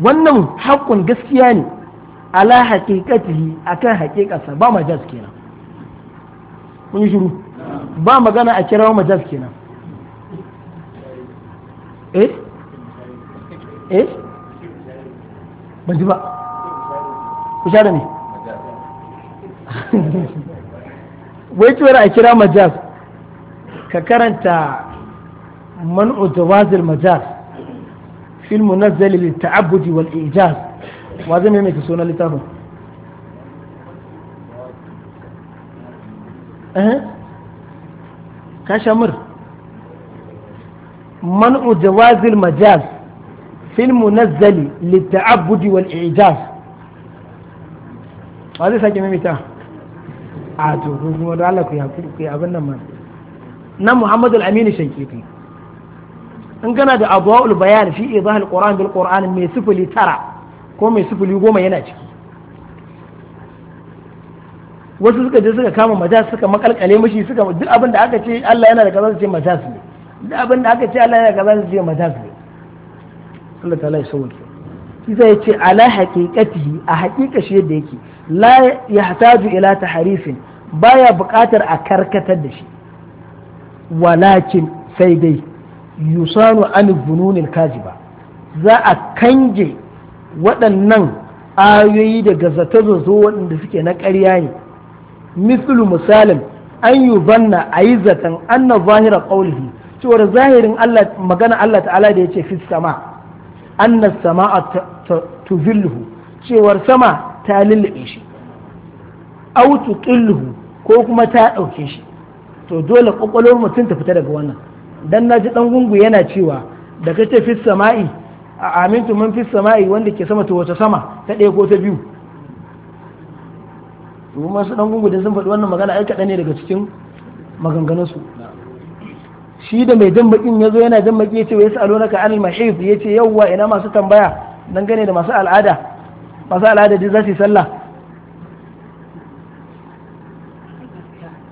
wannan haƙƙun gaskiya ne ala haƙiƙatihi a kan haƙiƙarsa ba majaz kenan kun yi shiru ba magana a kirawo majaz kenan eh eh ban ji ba ku sha da ne wai cewar a kira majaz ka karanta man'utu wazir majaz filmu munazzal lil ta'abbudi wal ijaz ma zai maimaita suna littafin kashamir man'u jawazil majaz fil munazzali litta'abbudi wal ijaz ma zai sake maimaita a to kuma da Allah ku ya abin nan ma na Muhammadu al-Aminu Shankiti in gana da abuwa bayan fi al Qur'an bil Qur'an mai sifili tara ko mai sifili goma yana ciki wasu suka je suka kama majas suka makalkale mashi suka duk abin da aka ce Allah yana da kaza su ce majas ne duk abin da aka ce Allah yana da kaza su ce majas ne Allah ta'ala ya sauke shi zai ce ala haqiqatihi a haqiqa shi yadda yake la yahtaju ila taharifin baya buƙatar a karkatar da shi walakin sai dai yusanu an bununil kajiba za a kanje waɗannan ayoyi daga zato zato waɗanda suke na ƙarya ne mislu misalin an yi zanna a yi zaton an na zahira ƙaulihi cewar zahirin magana Allah ta'ala da ya ce fi sama an sama a tuzilluhu cewar sama ta lullube shi autu tuqilluhu ko kuma ta ɗauke shi to dole ƙwaƙwalwar mutum ta fita daga wannan dan ji ɗan gungu yana cewa daga ce fi sama'i a amintu mun fi sama'i wanda ke sama ta wata sama ta ɗaya ko ta biyu kuma su dan gungu da sun faɗi wannan magana ai kaɗan ne daga cikin su shi da mai jan bakin ya zo yana jan baki ya ce wai sa'alo naka anil mahif ya ce yawwa ina masu tambaya gane da masu al'ada masu al'ada dai za su yi sallah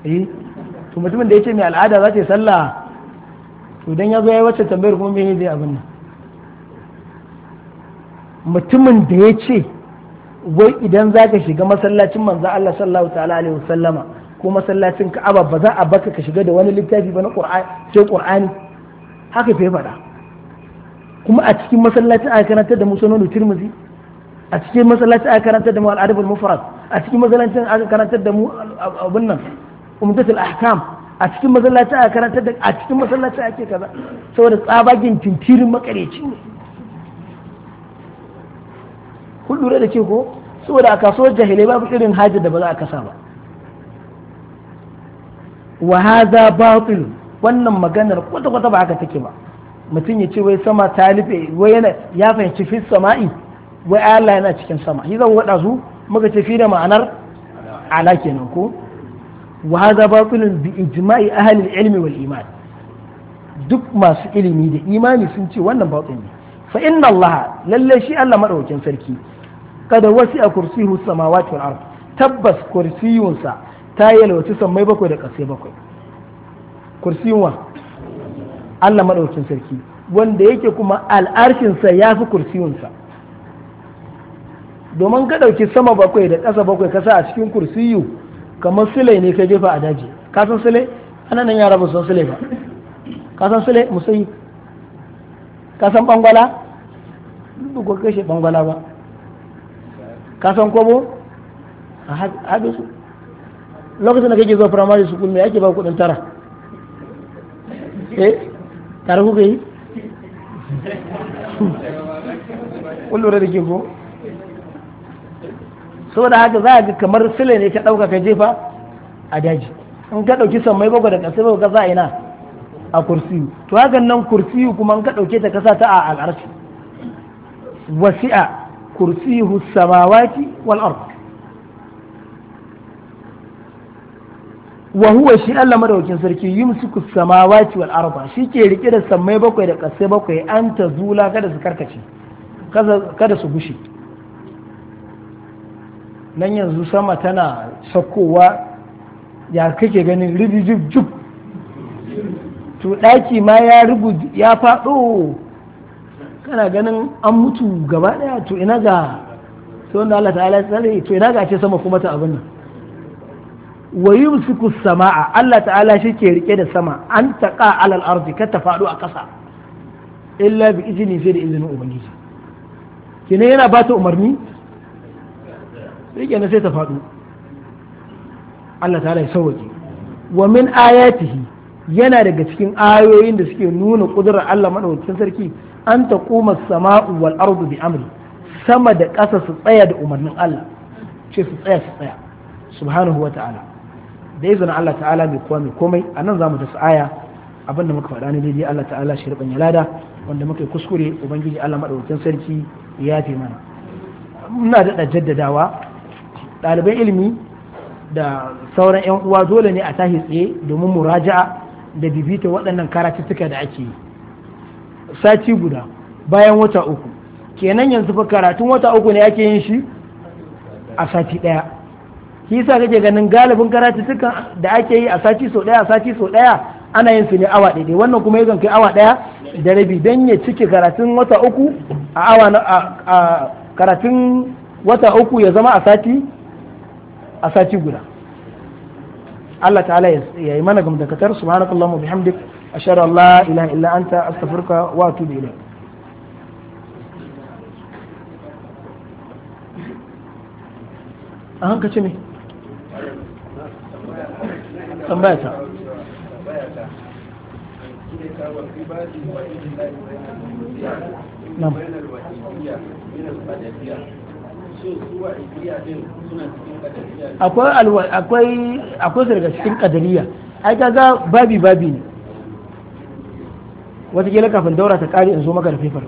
eh to mutumin da ya ce mai al'ada za ta yi sallah to dan ya zo ya wacce tambayar kuma me dai abin nan mutumin da ya ce wai idan za ka shiga masallacin manzan Allah sallallahu ta'ala alaihi wasallama ko masallacin ka'aba ba za a baka ka shiga da wani littafi ba na qur'ani sai qur'ani haka fa faɗa kuma a cikin masallacin aka karanta da musannu tirmizi a cikin masallacin aka karanta da mu al-adab al-mufrad a cikin masallacin aka karanta da mu abun nan umdatul ahkam a cikin masallacin aka karanta da a cikin masallacin ake kaza saboda tsabagen tintirin makareci ne kun lura da ke ko saboda a kasuwar jahilai babu irin hajja da ba za a kasa ba wa hadha batil wannan maganar kwata kwata ba haka take ba mutum ya ce wai sama ta wai yana ya fahimci fi sama'i wai Allah yana cikin sama shi zan wada su muka ce fi da ma'anar ala kenan ko wa hadha batilun bi ijma'i ahli ilmi wal iman duk masu ilimi da imani sun ce wannan batil ne fa inna Allah lalle shi Allah madaukakin sarki kada wasi a kursiyu samawati wal ard tabbas kursiyunsa ta yalwaci sammai bakwai da ƙasai bakwai kursiyun wa Allah madaukakin sarki wanda yake kuma al'arshinsa ya fi kursiyunsa domin ka ɗauki sama bakwai da ƙasa bakwai sa a cikin kursiyu kamar sule ne ka jefa a daji ka san sule ana nan yara ba san sule ba ka san sule musayi ka san bangwala duk ba kashe bangwala ba ka san a haɗu su lokacin da kake zuwa primary school me ake ba kuɗin tara eh tare kuka yi kullura da ke ko saboda haka za a ga kamar sile ne ka ɗauka ka jefa a daji in ka ɗauki sammai bakwai da ƙasa ka za a ina a kursiyu to hakan nan kursiyu kuma in ka ɗauke ta kasa ta a al'arci wasi'a kursiyuhu samawati wal ard wa huwa shi Allah madaukin sarki yumsiku samawati wal arda shi ke rike da sammai bakwai da kasai bakwai an ta zula kada su karkace kada su gushe nan yanzu sama tana sakkowa ya kake ganin ribi jub to daki ma ya rubu ya faɗo kana ganin an mutu gaba daya to ina ga to wanda Allah ta'ala ya tsare to ina ga ce sama kuma ta abin nan wa yumsiku samaa Allah ta'ala shi ke rike da sama an taqa alal ardi ka ta faɗo a ƙasa illa bi izini sai da izinin ubangiji kine yana ba ta umarni Rike na sai ta faɗo Allah ta'ala ya sauke wa min ayatihi yana daga cikin ayoyin da suke nuna kudurar Allah madaukakin sarki an ta kuma sama'u wal ardu bi amri sama da ƙasa su tsaya da umarnin Allah ce su tsaya su tsaya subhanahu wa ta'ala da izinin Allah ta'ala mai komai a nan za mu ta aya abinda muka faɗa ne daidai Allah ta'ala shi riɓan lada wanda muka yi kuskure ubangiji Allah maɗaukakin sarki ya fi mana muna daɗa jaddadawa ɗaliban ilimi da sauran 'yan uwa dole ne a tahi tsaye domin muraja'a da bibita waɗannan karatuttuka da ake yi sati guda bayan wata uku kenan yanzu fa karatun wata uku ne ake yin shi a sati ɗaya shi yasa kake ganin galibin karatuttukan da ake yi a sati sau ɗaya a sati sau ɗaya ana yin su ne awa ɗaya wannan kuma yakan kai awa ɗaya da rabi don ya cike karatun wata uku a awa a karatun wata uku ya zama a sati a sati guda Allah ta'ala ya yi mana gamdakatar subhanakallahumma bihamdika. ashhadu an la ilaha ne akwai akwai akwai daga cikin kadariya ai kaga babi babi ne wataƙila kafin daura ta ƙari in zo maka da fifar